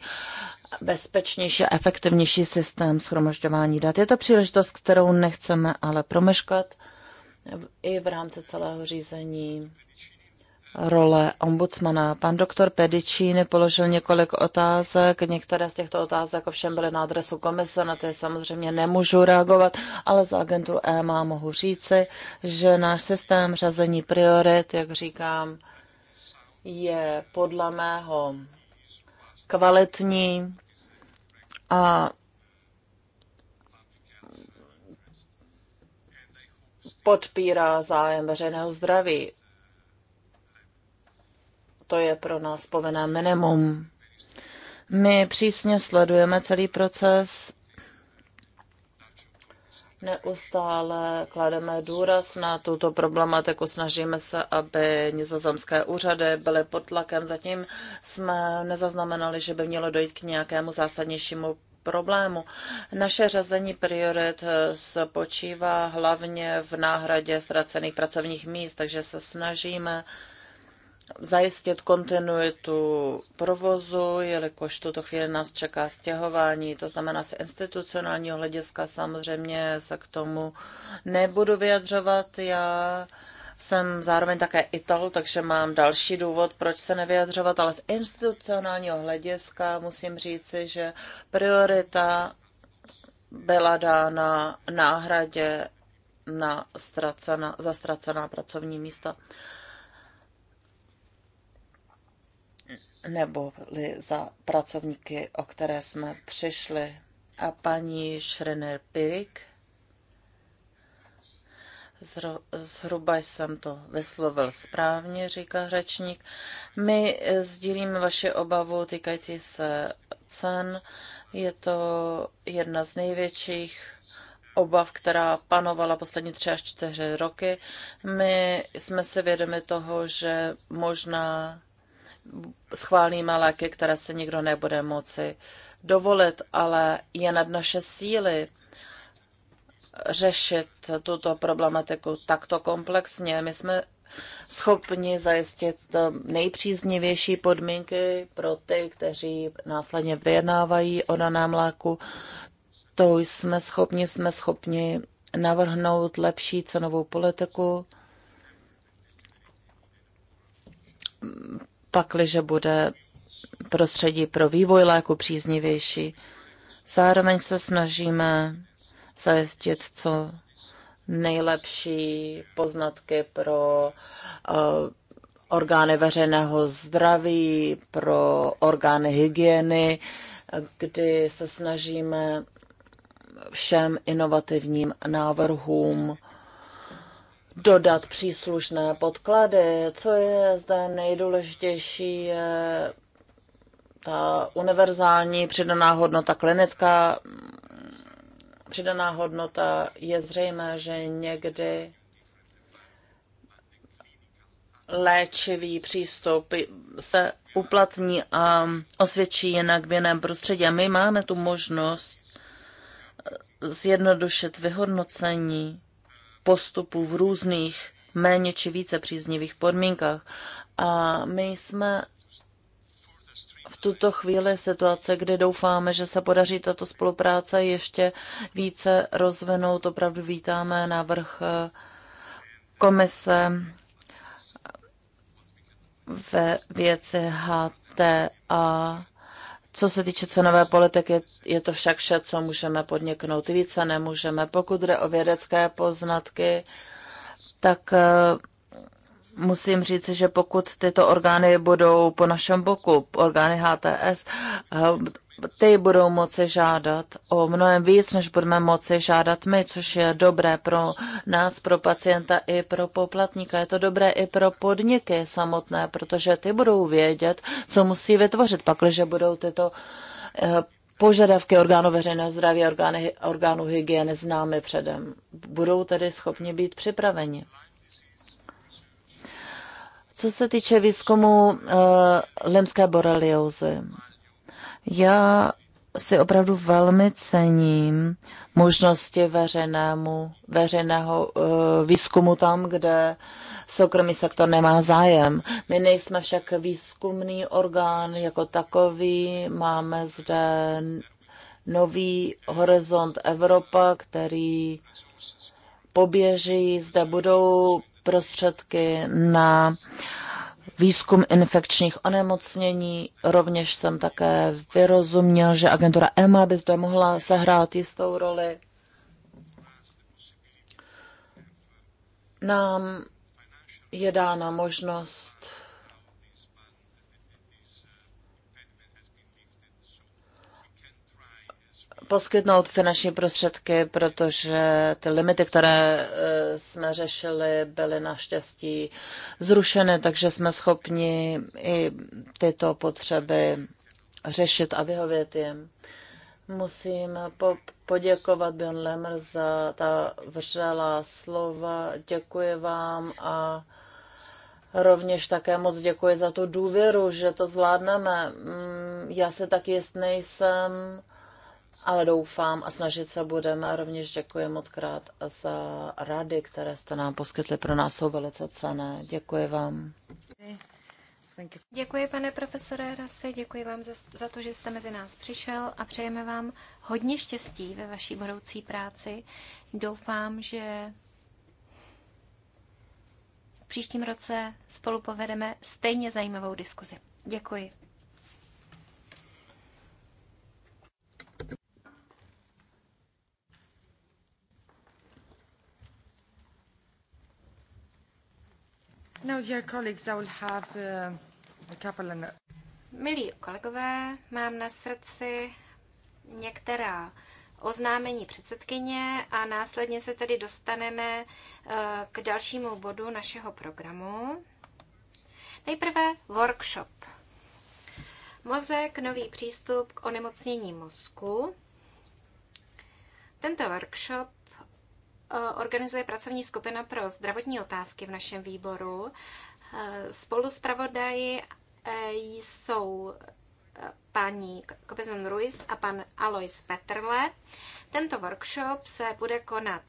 bezpečnější a efektivnější systém schromažďování dat. Je to příležitost, kterou nechceme ale promeškat i v rámci celého řízení role ombudsmana. Pan doktor Pedicini položil několik otázek, některé z těchto otázek ovšem byly na adresu komise, na ty samozřejmě nemůžu reagovat, ale za agenturu EMA mohu říci, že náš systém řazení priorit, jak říkám, je podle mého kvalitní a podpírá zájem veřejného zdraví. To je pro nás povinné minimum. My přísně sledujeme celý proces, neustále klademe důraz na tuto problematiku, snažíme se, aby nizozemské úřady byly pod tlakem. Zatím jsme nezaznamenali, že by mělo dojít k nějakému zásadnějšímu problému. Naše řazení priorit spočívá hlavně v náhradě ztracených pracovních míst, takže se snažíme zajistit kontinuitu provozu, jelikož tuto chvíli nás čeká stěhování, to znamená z institucionálního hlediska samozřejmě se k tomu nebudu vyjadřovat. Já jsem zároveň také Ital, takže mám další důvod, proč se nevyjadřovat, ale z institucionálního hlediska musím říci, že priorita byla dána náhradě na ztracená, pracovní místa. nebo za pracovníky, o které jsme přišli. A paní Schrener Pirik, zhruba jsem to vyslovil správně, říká řečník. My eh, sdílíme vaše obavu týkající se cen. Je to jedna z největších obav, která panovala poslední tři až čtyři roky. My jsme si vědomi toho, že možná schválíme léky, které se nikdo nebude moci dovolit, ale je nad naše síly řešit tuto problematiku takto komplexně. My jsme schopni zajistit nejpříznivější podmínky pro ty, kteří následně vyjednávají o daném léku. To jsme schopni, jsme schopni navrhnout lepší cenovou politiku, pakliže bude prostředí pro vývoj léku příznivější. Zároveň se snažíme zajistit co nejlepší poznatky pro uh, orgány veřejného zdraví, pro orgány hygieny, kdy se snažíme všem inovativním návrhům dodat příslušné podklady. Co je zde nejdůležitější, je ta univerzální přidaná hodnota, klinická přidaná hodnota. Je zřejmé, že někdy léčivý přístup se uplatní a osvědčí jinak v jiném prostředí. A my máme tu možnost zjednodušit vyhodnocení postupu v různých méně či více příznivých podmínkách. A my jsme v tuto chvíli situace, kde doufáme, že se podaří tato spolupráce ještě více rozvinout. Opravdu vítáme návrh eh, komise eh, ve věci HTA co se týče cenové politiky, je, to však vše, co můžeme podniknout. Více nemůžeme. Pokud jde o vědecké poznatky, tak eh, musím říct, že pokud tyto orgány budou po našem boku, orgány HTS, eh, ty budou moci žádat o mnohem víc, než budeme moci žádat my, což je dobré pro nás, pro pacienta i pro poplatníka. Je to dobré i pro podniky samotné, protože ty budou vědět, co musí vytvořit, pakliže budou tyto eh, požadavky orgánů veřejného zdraví, orgány, orgánů hygieny známy předem. Budou tedy schopni být připraveni. Co se týče výzkumu uh, limské boreliozy, já si opravdu velmi cením možnosti veřejnému, veřejného eh, výzkumu tam, kde soukromý sektor nemá zájem. My nejsme však výzkumný orgán jako takový, máme zde nový horizont Evropa, který poběží, zde budou prostředky na uh, výzkum infekčních onemocnění. Rovněž jsem také vyrozuměl, že agentura EMA by zde mohla sehrát jistou roli. Nám je dána možnost poskytnout finanční prostředky, protože ty limity, které eh, jsme řešili, byly naštěstí zrušeny, takže jsme schopni i tyto potřeby řešit a vyhovět jim. Musím po- poděkovat Björn Lemmer za ta vřelá slova. Děkuji vám a Rovněž také moc děkuji za tu důvěru, že to zvládneme. Mm, já se tak jist nejsem ale doufám a snažit se budeme. A rovněž děkuji moc krát za rady, které jste nám poskytli. Pro nás jsou velice cené. Děkuji vám. Děkuji, pane profesore Rase, děkuji vám za, za to, že jste mezi nás přišel a přejeme vám hodně štěstí ve vaší budoucí práci. Doufám, že v příštím roce spolu povedeme stejně zajímavou diskuzi. Děkuji. Uh, Milí kolegové, mám na srdci některá oznámení předsedkyně a následně se tedy dostaneme uh, k dalšímu bodu našeho programu. Nejprve workshop. Mozek, nový přístup k onemocnění mozku. Tento workshop Eh, organizuje pracovní skupina pro zdravotní otázky v našem výboru. Eh, Spolu s pravodají eh, jsou paní Kopezon Ruiz a pan Alois Petrle. Tento workshop se bude konat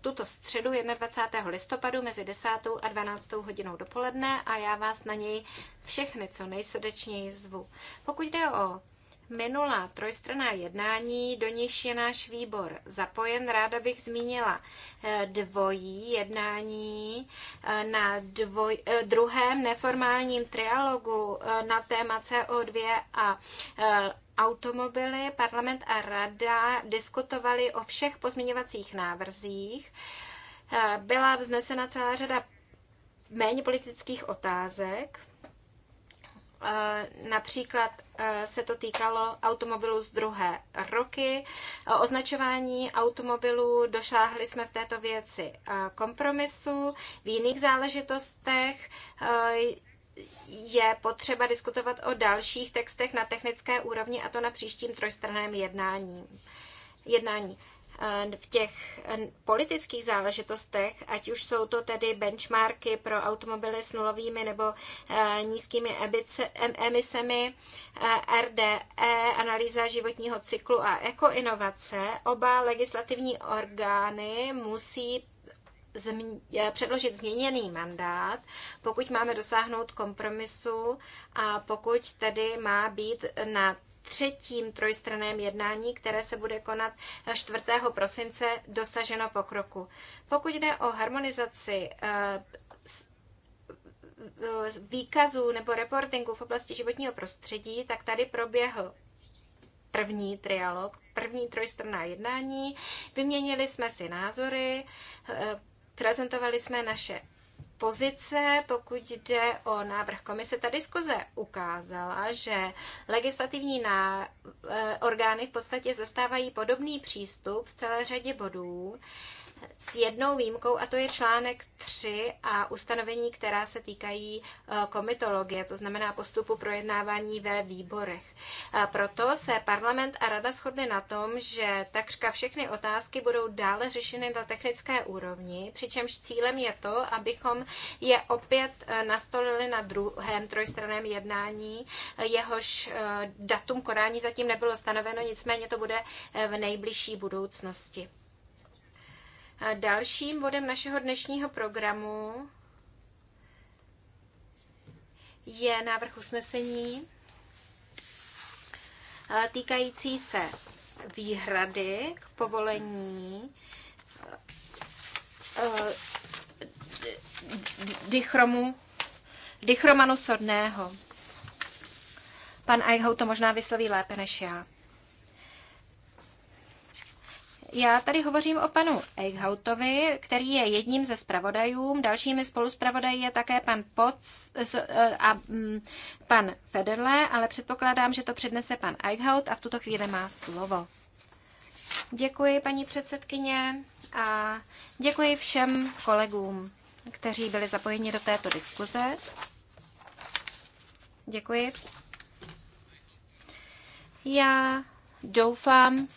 tuto středu 21. listopadu mezi 10. a 12. hodinou dopoledne a já vás na něj všechny co nejsrdečněji zvu. Pokud jde o minulá trojstraná jednání, do níž je náš výbor zapojen. Ráda bych zmínila eh, dvojí jednání eh, na dvoj, eh, druhém neformálním trialogu na téma CO2 a automobily. Parlament a rada diskutovali o všech pozměňovacích návrzích. Byla vznesena celá řada méně politických otázek. Eh, například eh, se to týkalo automobilů z druhé roky. Označování automobilů došáhli jsme v této věci eh, kompromisu. V jiných záležitostech je potřeba diskutovat o dalších textech na technické úrovni a to na příštím trojstranném jednání. jednání v těch politických záležitostech, ať už jsou to tedy benchmarky pro automobily s nulovými nebo eh, nízkými emisemi, eh, RDE, analýza životního cyklu a ekoinovace, oba legislativní orgány musí eh, předložit změněný mandát, pokud máme dosáhnout kompromisu a pokud tedy má být na třetím trojstraném jednání, které se bude konat 4. prosince, dosaženo pokroku. Pokud jde o harmonizaci eh, eh, výkazů nebo reportingu v oblasti životního prostředí, tak tady proběhl první trialog, první trojstranná jednání. Vyměnili jsme si názory, eh, prezentovali jsme naše pozice, pokud jde o návrh komise. Ta diskuze ukázala, že legislativní ná, eh, orgány v podstatě zastávají podobný přístup v celé řadě bodů. E, s jednou výjimkou, a to je článek 3 a ustanovení, která se týkají eh, komitologie, to znamená postupu projednávání ve výborech. Eh, proto se parlament a rada shodly na tom, že takřka všechny otázky budou dále řešeny na technické úrovni, přičemž cílem je to, abychom je opět eh, nastolili na druhém trojstranném jednání, jehož datum konání zatím nebylo stanoveno, nicméně to bude v nejbližší budoucnosti. Dalším bodem našeho dnešního programu je návrh usnesení eh, týkající se výhrady k povolení eh, dichromu, dichromanu sodného. Pan Eichhout to možná vysloví lépe než já. Já tady hovořím o panu Eichhautovi, který je jedním ze zpravodajů. Dalšími spoluspravodají je také pan Poc e, a mm, pan Federle, ale předpokládám, že to přednese pan Eichhaut a v tuto chvíli má slovo. Děkuji, paní předsedkyně, a děkuji všem kolegům, kteří byli zapojeni do této diskuze. Děkuji. Já doufám,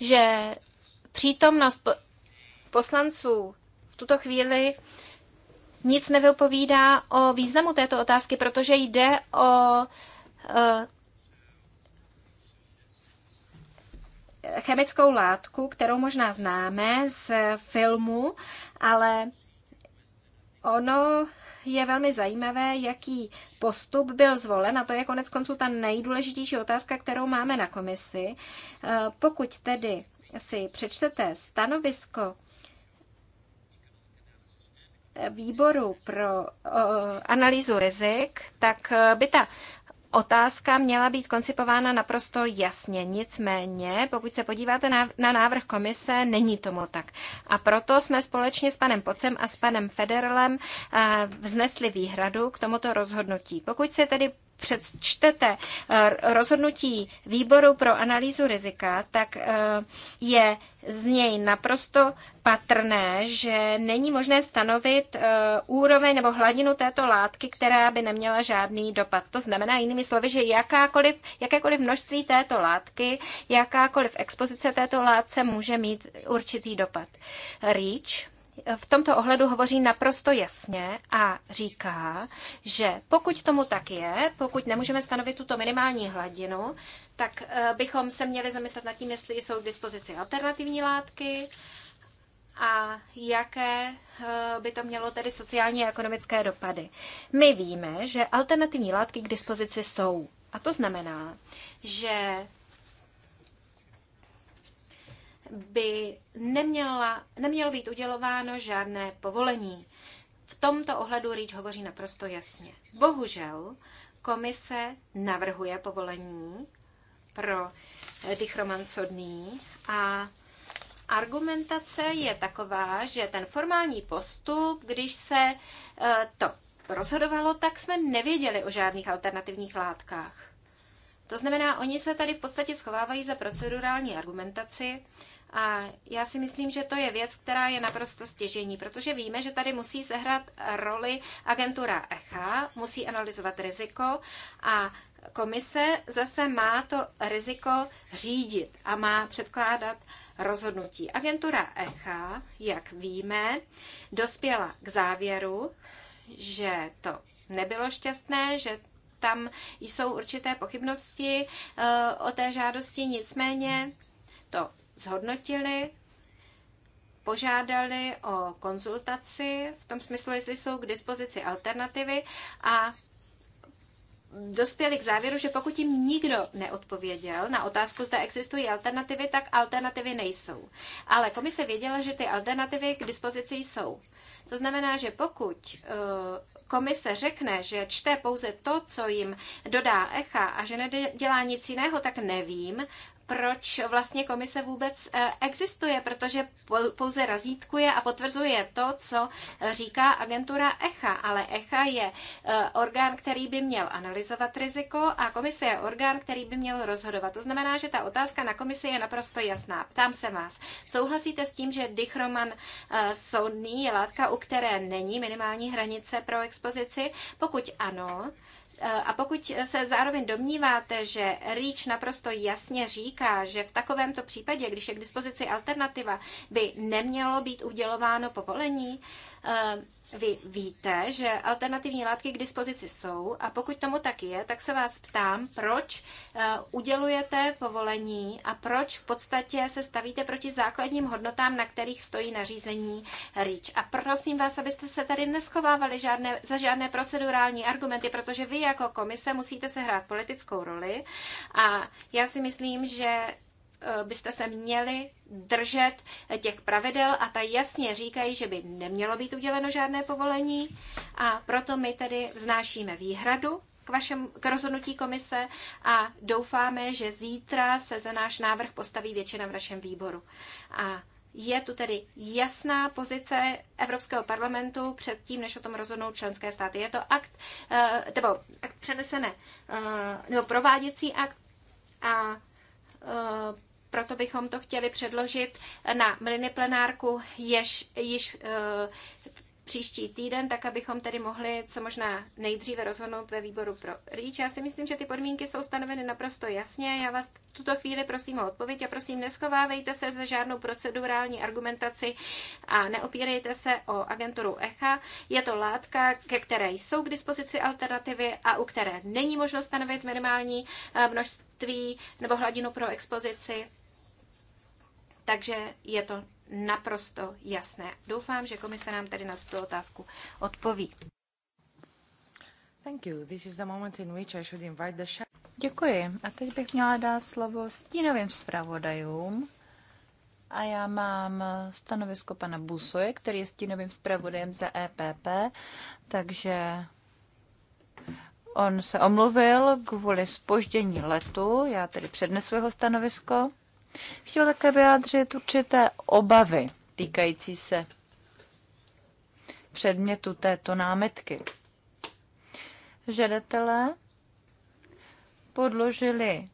že přítomnost poslanců v tuto chvíli nic nevypovídá o významu této otázky, protože jde o eh, chemickou látku, kterou možná známe z filmu, ale ono je velmi zajímavé, jaký postup byl zvolen a to je konec konců ta nejdůležitější otázka, kterou máme na komisi. Eh, pokud tedy si přečtete stanovisko eh, výboru pro eh, analýzu rizik, tak by ta otázka měla být koncipována naprosto jasně. Nicméně, pokud se podíváte na, návrh komise, není tomu tak. A proto jsme společně s panem Pocem a s panem Federlem eh, vznesli výhradu k tomuto rozhodnutí. Pokud se tedy přečtete eh, rozhodnutí výboru pro analýzu rizika, tak eh, je z něj naprosto patrné, že není možné stanovit eh, úroveň nebo hladinu této látky, která by neměla žádný dopad. To znamená jinými slovy, že jakákoliv, jakékoliv množství této látky, jakákoliv expozice této látce může mít určitý dopad. REACH v tomto ohledu hovoří naprosto jasně a říká, že pokud tomu tak je, pokud nemůžeme stanovit tuto minimální hladinu, tak eh, bychom se měli zamyslet nad tím, jestli jsou k dispozici alternativní látky a jaké eh, by to mělo tedy sociální a ekonomické dopady. My víme, že alternativní látky k dispozici jsou. A to znamená, že by neměla, nemělo být udělováno žádné povolení. V tomto ohledu Rýč hovoří naprosto jasně. Bohužel komise navrhuje povolení pro eh, dichromancodný a argumentace je taková, že ten formální postup, když se eh, to rozhodovalo, tak jsme nevěděli o žádných alternativních látkách. To znamená, oni se tady v podstatě schovávají za procedurální argumentaci a já si myslím, že to je věc, která je naprosto stěžení, protože víme, že tady musí sehrát roli agentura ECHA, musí analyzovat riziko a komise zase má to riziko řídit a má předkládat rozhodnutí. Agentura ECHA, jak víme, dospěla k závěru, že to nebylo šťastné, že tam jsou určité pochybnosti eh, o té žádosti, nicméně to zhodnotili, požádali o konzultaci v tom smyslu, jestli jsou k dispozici alternativy a dospěli k závěru, že pokud jim nikdo neodpověděl na otázku, zda existují alternativy, tak alternativy nejsou. Ale komise věděla, že ty alternativy k dispozici jsou. To znamená, že pokud eh, komise řekne, že čte pouze to, co jim dodá ECHA a že nedělá nic jiného, tak nevím, proč vlastně komise vůbec eh, existuje, protože pouze razítkuje a potvrzuje to, co eh, říká agentura ECHA. Ale ECHA je eh, orgán, který by měl analyzovat riziko a komise je orgán, který by měl rozhodovat. To znamená, že ta otázka na komisi je naprosto jasná. Ptám se vás, souhlasíte s tím, že dichroman solný je látka, u které není minimální hranice pro expozici? Pokud ano, a pokud se zároveň domníváte, že REACH naprosto jasně říká, že v takovémto případě, když je k dispozici alternativa, by nemělo být udělováno povolení, Eh, vy víte, že alternativní látky k dispozici jsou a pokud tomu tak je, tak se vás ptám, proč eh, udělujete povolení a proč v podstatě se stavíte proti základním hodnotám, na kterých stojí nařízení REACH. A prosím vás, abyste se tady neschovávali žádné, za žádné procedurální argumenty, protože vy jako komise musíte se hrát politickou roli a já si myslím, že Eh, byste se měli držet těch pravidel a ta jasně říkají, že by nemělo být uděleno žádné povolení a proto my tedy vznášíme výhradu k, vašem, k rozhodnutí komise a doufáme, že zítra se za náš návrh postaví většina v našem výboru. A je tu tedy jasná pozice Evropského parlamentu před tím, než o tom rozhodnou členské státy. Je to akt, eh, nebo akt přenesené, eh, nebo prováděcí akt a proto bychom to chtěli předložit na mliny plenárku jež, již eh, příští týden, tak abychom tedy mohli co možná nejdříve rozhodnout ve výboru pro REACH. Já si myslím, že ty podmínky jsou stanoveny naprosto jasně. Já vás tuto chvíli prosím o odpověď a prosím neschovávejte se za žádnou procedurální argumentaci a neopírejte se o agenturu ECHA. Je to látka, ke které jsou k dispozici alternativy a u které není možno stanovit minimální eh, množství nebo hladinu pro expozici. Takže je to naprosto jasné. Doufám, že komise nám tedy na tuto otázku odpoví. Děkuji. A teď bych měla dát slovo stínovým zpravodajům. A já mám stanovisko pana Busoje, který je stínovým zpravodajem za EPP, takže on se omluvil kvůli spoždění letu. Já tedy přednesu jeho stanovisko. Chtěl také vyjádřit určité obavy týkající se předmětu této námitky. Žadatelé podložili,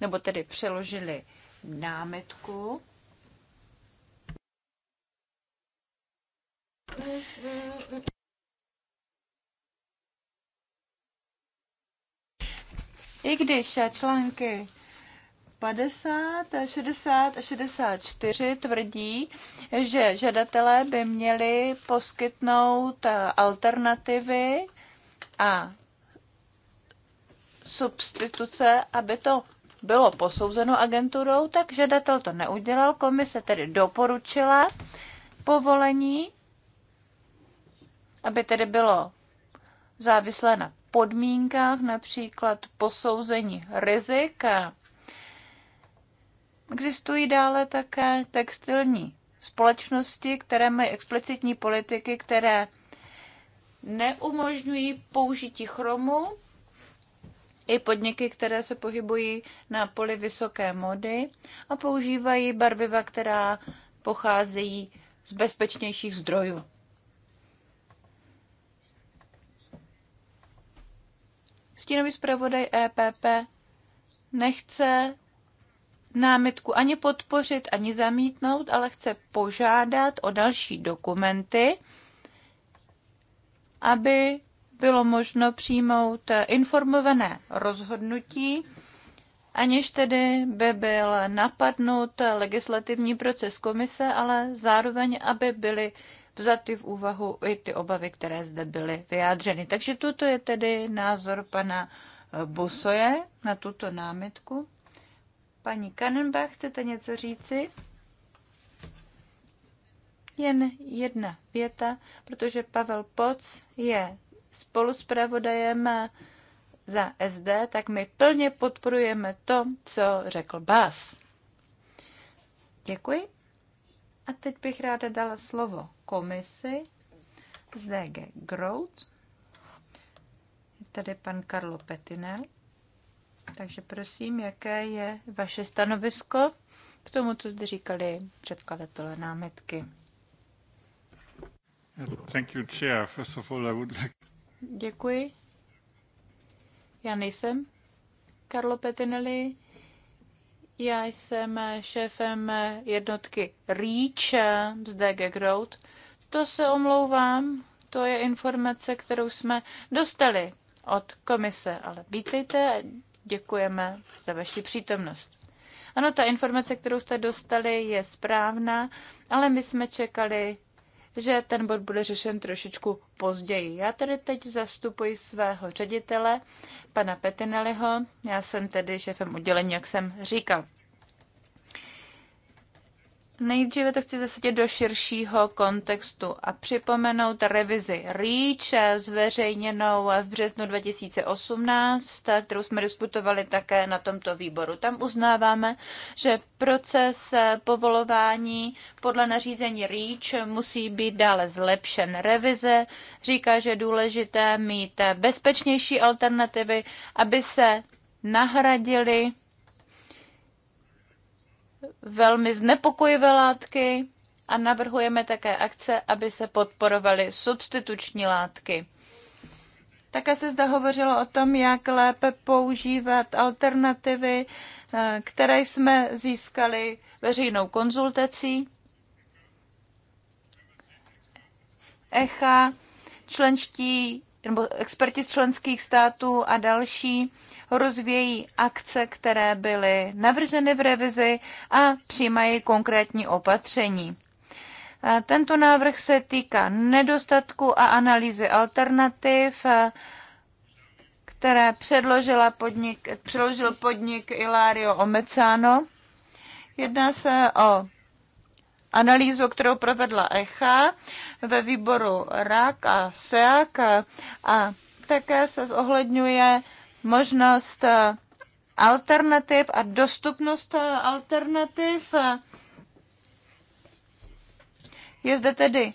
nebo tedy přeložili námitku I když články 50, 60 a 64 tvrdí, že žadatelé by měli poskytnout eh, alternativy a substituce, aby to bylo posouzeno agenturou, tak žadatel to neudělal. Komise tedy doporučila povolení, aby tedy bylo závislé na podmínkách, například posouzení rizika Existují dále také textilní společnosti, které mají explicitní politiky, které neumožňují použití chromu, i podniky, které se pohybují na poli vysoké mody a používají barviva, která pocházejí z bezpečnějších zdrojů. Stínový zpravodaj EPP nechce námitku ani podpořit, ani zamítnout, ale chce požádat o další dokumenty, aby bylo možno přijmout informované rozhodnutí, aniž tedy by byl napadnut legislativní proces komise, ale zároveň, aby byly vzaty v úvahu i ty obavy, které zde byly vyjádřeny. Takže tuto je tedy názor pana Busoje na tuto námitku. Paní Kanenbach, chcete něco říci? Jen jedna věta, protože Pavel Poc je spoluspravodajem za SD, tak my plně podporujeme to, co řekl Bas. Děkuji. A teď bych ráda dala slovo komisi z DG Growth. Je tady pan Karlo Petinel. Takže prosím, jaké je vaše stanovisko k tomu, co zde říkali předkladatelé námitky? Thank you, chair. First of all, I would like... Děkuji. Já nejsem Carlo Petinelli. Já jsem šéfem jednotky REACH z DG Growth. To se omlouvám, to je informace, kterou jsme dostali od komise, ale vítejte děkujeme za vaši přítomnost. Ano, ta informace, kterou jste dostali, je správná, ale my jsme čekali, že ten bod bude řešen trošičku později. Já tedy teď zastupuji svého ředitele, pana Petinelliho. Já jsem tedy šéfem oddělení, jak jsem říkal. Nejdříve to chci zasadit do širšího kontextu a připomenout revizi REACH, zveřejněnou v březnu 2018, kterou jsme diskutovali také na tomto výboru. Tam uznáváme, že proces povolování podle nařízení REACH musí být dále zlepšen. Revize říká, že je důležité mít bezpečnější alternativy, aby se nahradili velmi znepokojivé látky a navrhujeme také akce, aby se podporovaly substituční látky. Také se zde hovořilo o tom, jak lépe používat alternativy, eh, které jsme získali veřejnou konzultací. ECHA, členští nebo experti z členských států a další rozvějí akce, které byly navrženy v revizi a přijímají konkrétní opatření. Tento návrh se týká nedostatku a analýzy alternativ, které předložila podnik, předložil podnik Ilario Omecano. Jedná se o analýzu, kterou provedla ECHA ve výboru RAK a SEAK a také se zohledňuje možnost alternativ a dostupnost alternativ. Je zde tedy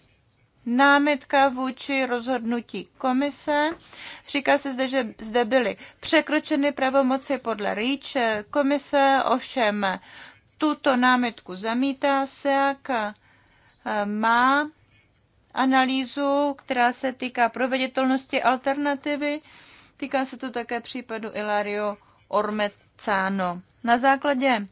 námitka vůči rozhodnutí komise. Říká se zde, že zde byly překročeny pravomoci podle REACH. Komise ovšem tuto námetku zamítá. SEAK eh, má analýzu, která se týká proveditelnosti alternativy. Týká se to také případu Ilario Ormecano. Na základě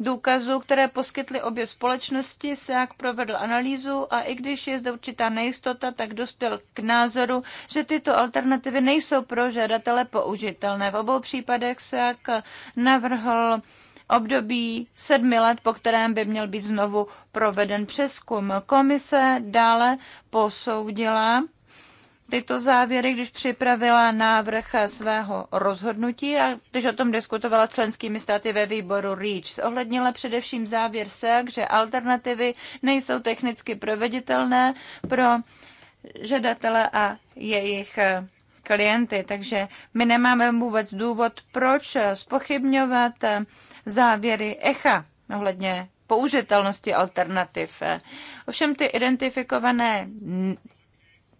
důkazů, které poskytly obě společnosti, SEAK provedl analýzu a i když je zde určitá nejistota, tak dospěl k názoru, že tyto alternativy nejsou pro žadatele použitelné. V obou případech SEAK navrhl období sedmi let, po kterém by měl být znovu proveden přeskum. Komise dále posoudila tyto závěry, když připravila návrh svého rozhodnutí a když o tom diskutovala s členskými státy ve výboru REACH. Ohlednila především závěr se, že alternativy nejsou technicky proveditelné pro žadatele a jejich klienty. Takže my nemáme vůbec důvod, proč spochybňovat eh, závěry ECHA ohledně použitelnosti alternativ. Ovšem ty identifikované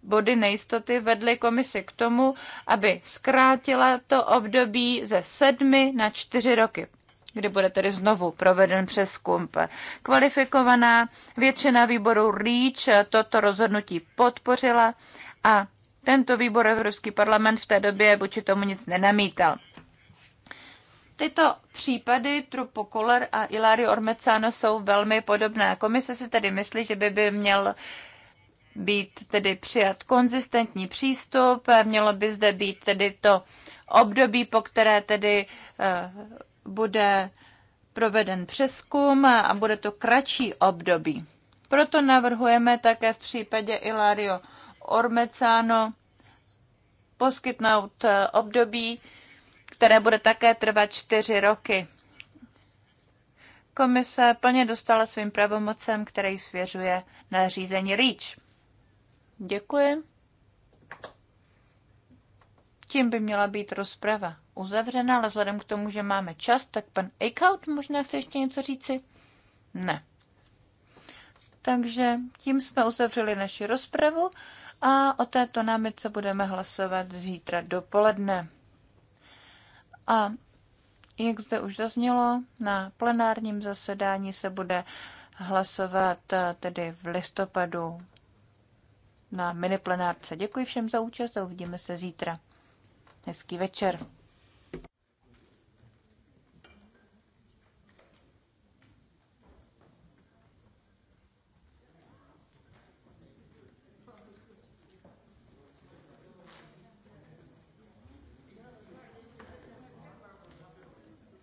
body nejistoty vedly komisi k tomu, aby zkrátila to období ze sedmi na čtyři roky kdy bude tedy znovu proveden přeskum. Kvalifikovaná většina výboru REACH toto rozhodnutí podpořila a tento výbor Evropský parlament v té době vůči tomu nic nenamítal. Tyto případy Trupo Koller a Ilario Ormecano jsou velmi podobné. Komise si tedy myslí, že by, by měl být tedy přijat konzistentní přístup, mělo by zde být tedy to období, po které tedy eh, bude proveden přeskum a bude to kratší období. Proto navrhujeme také v případě Ilario Ormecano poskytnout eh, období, které bude také trvat čtyři roky. Komise plně dostala svým pravomocem, který svěřuje na řízení REACH. Děkuji. Tím by měla být rozprava uzavřena, ale vzhledem k tomu, že máme čas, tak pan Eichhout možná chce ještě něco říci? Ne. Takže tím jsme uzavřeli naši rozpravu a o této námitce budeme hlasovat zítra dopoledne. A jak zde už zaznělo, na plenárním zasedání se bude hlasovat eh, tedy v listopadu na miniplenárce. Děkuji všem za účast a uvidíme se zítra. Hezký večer.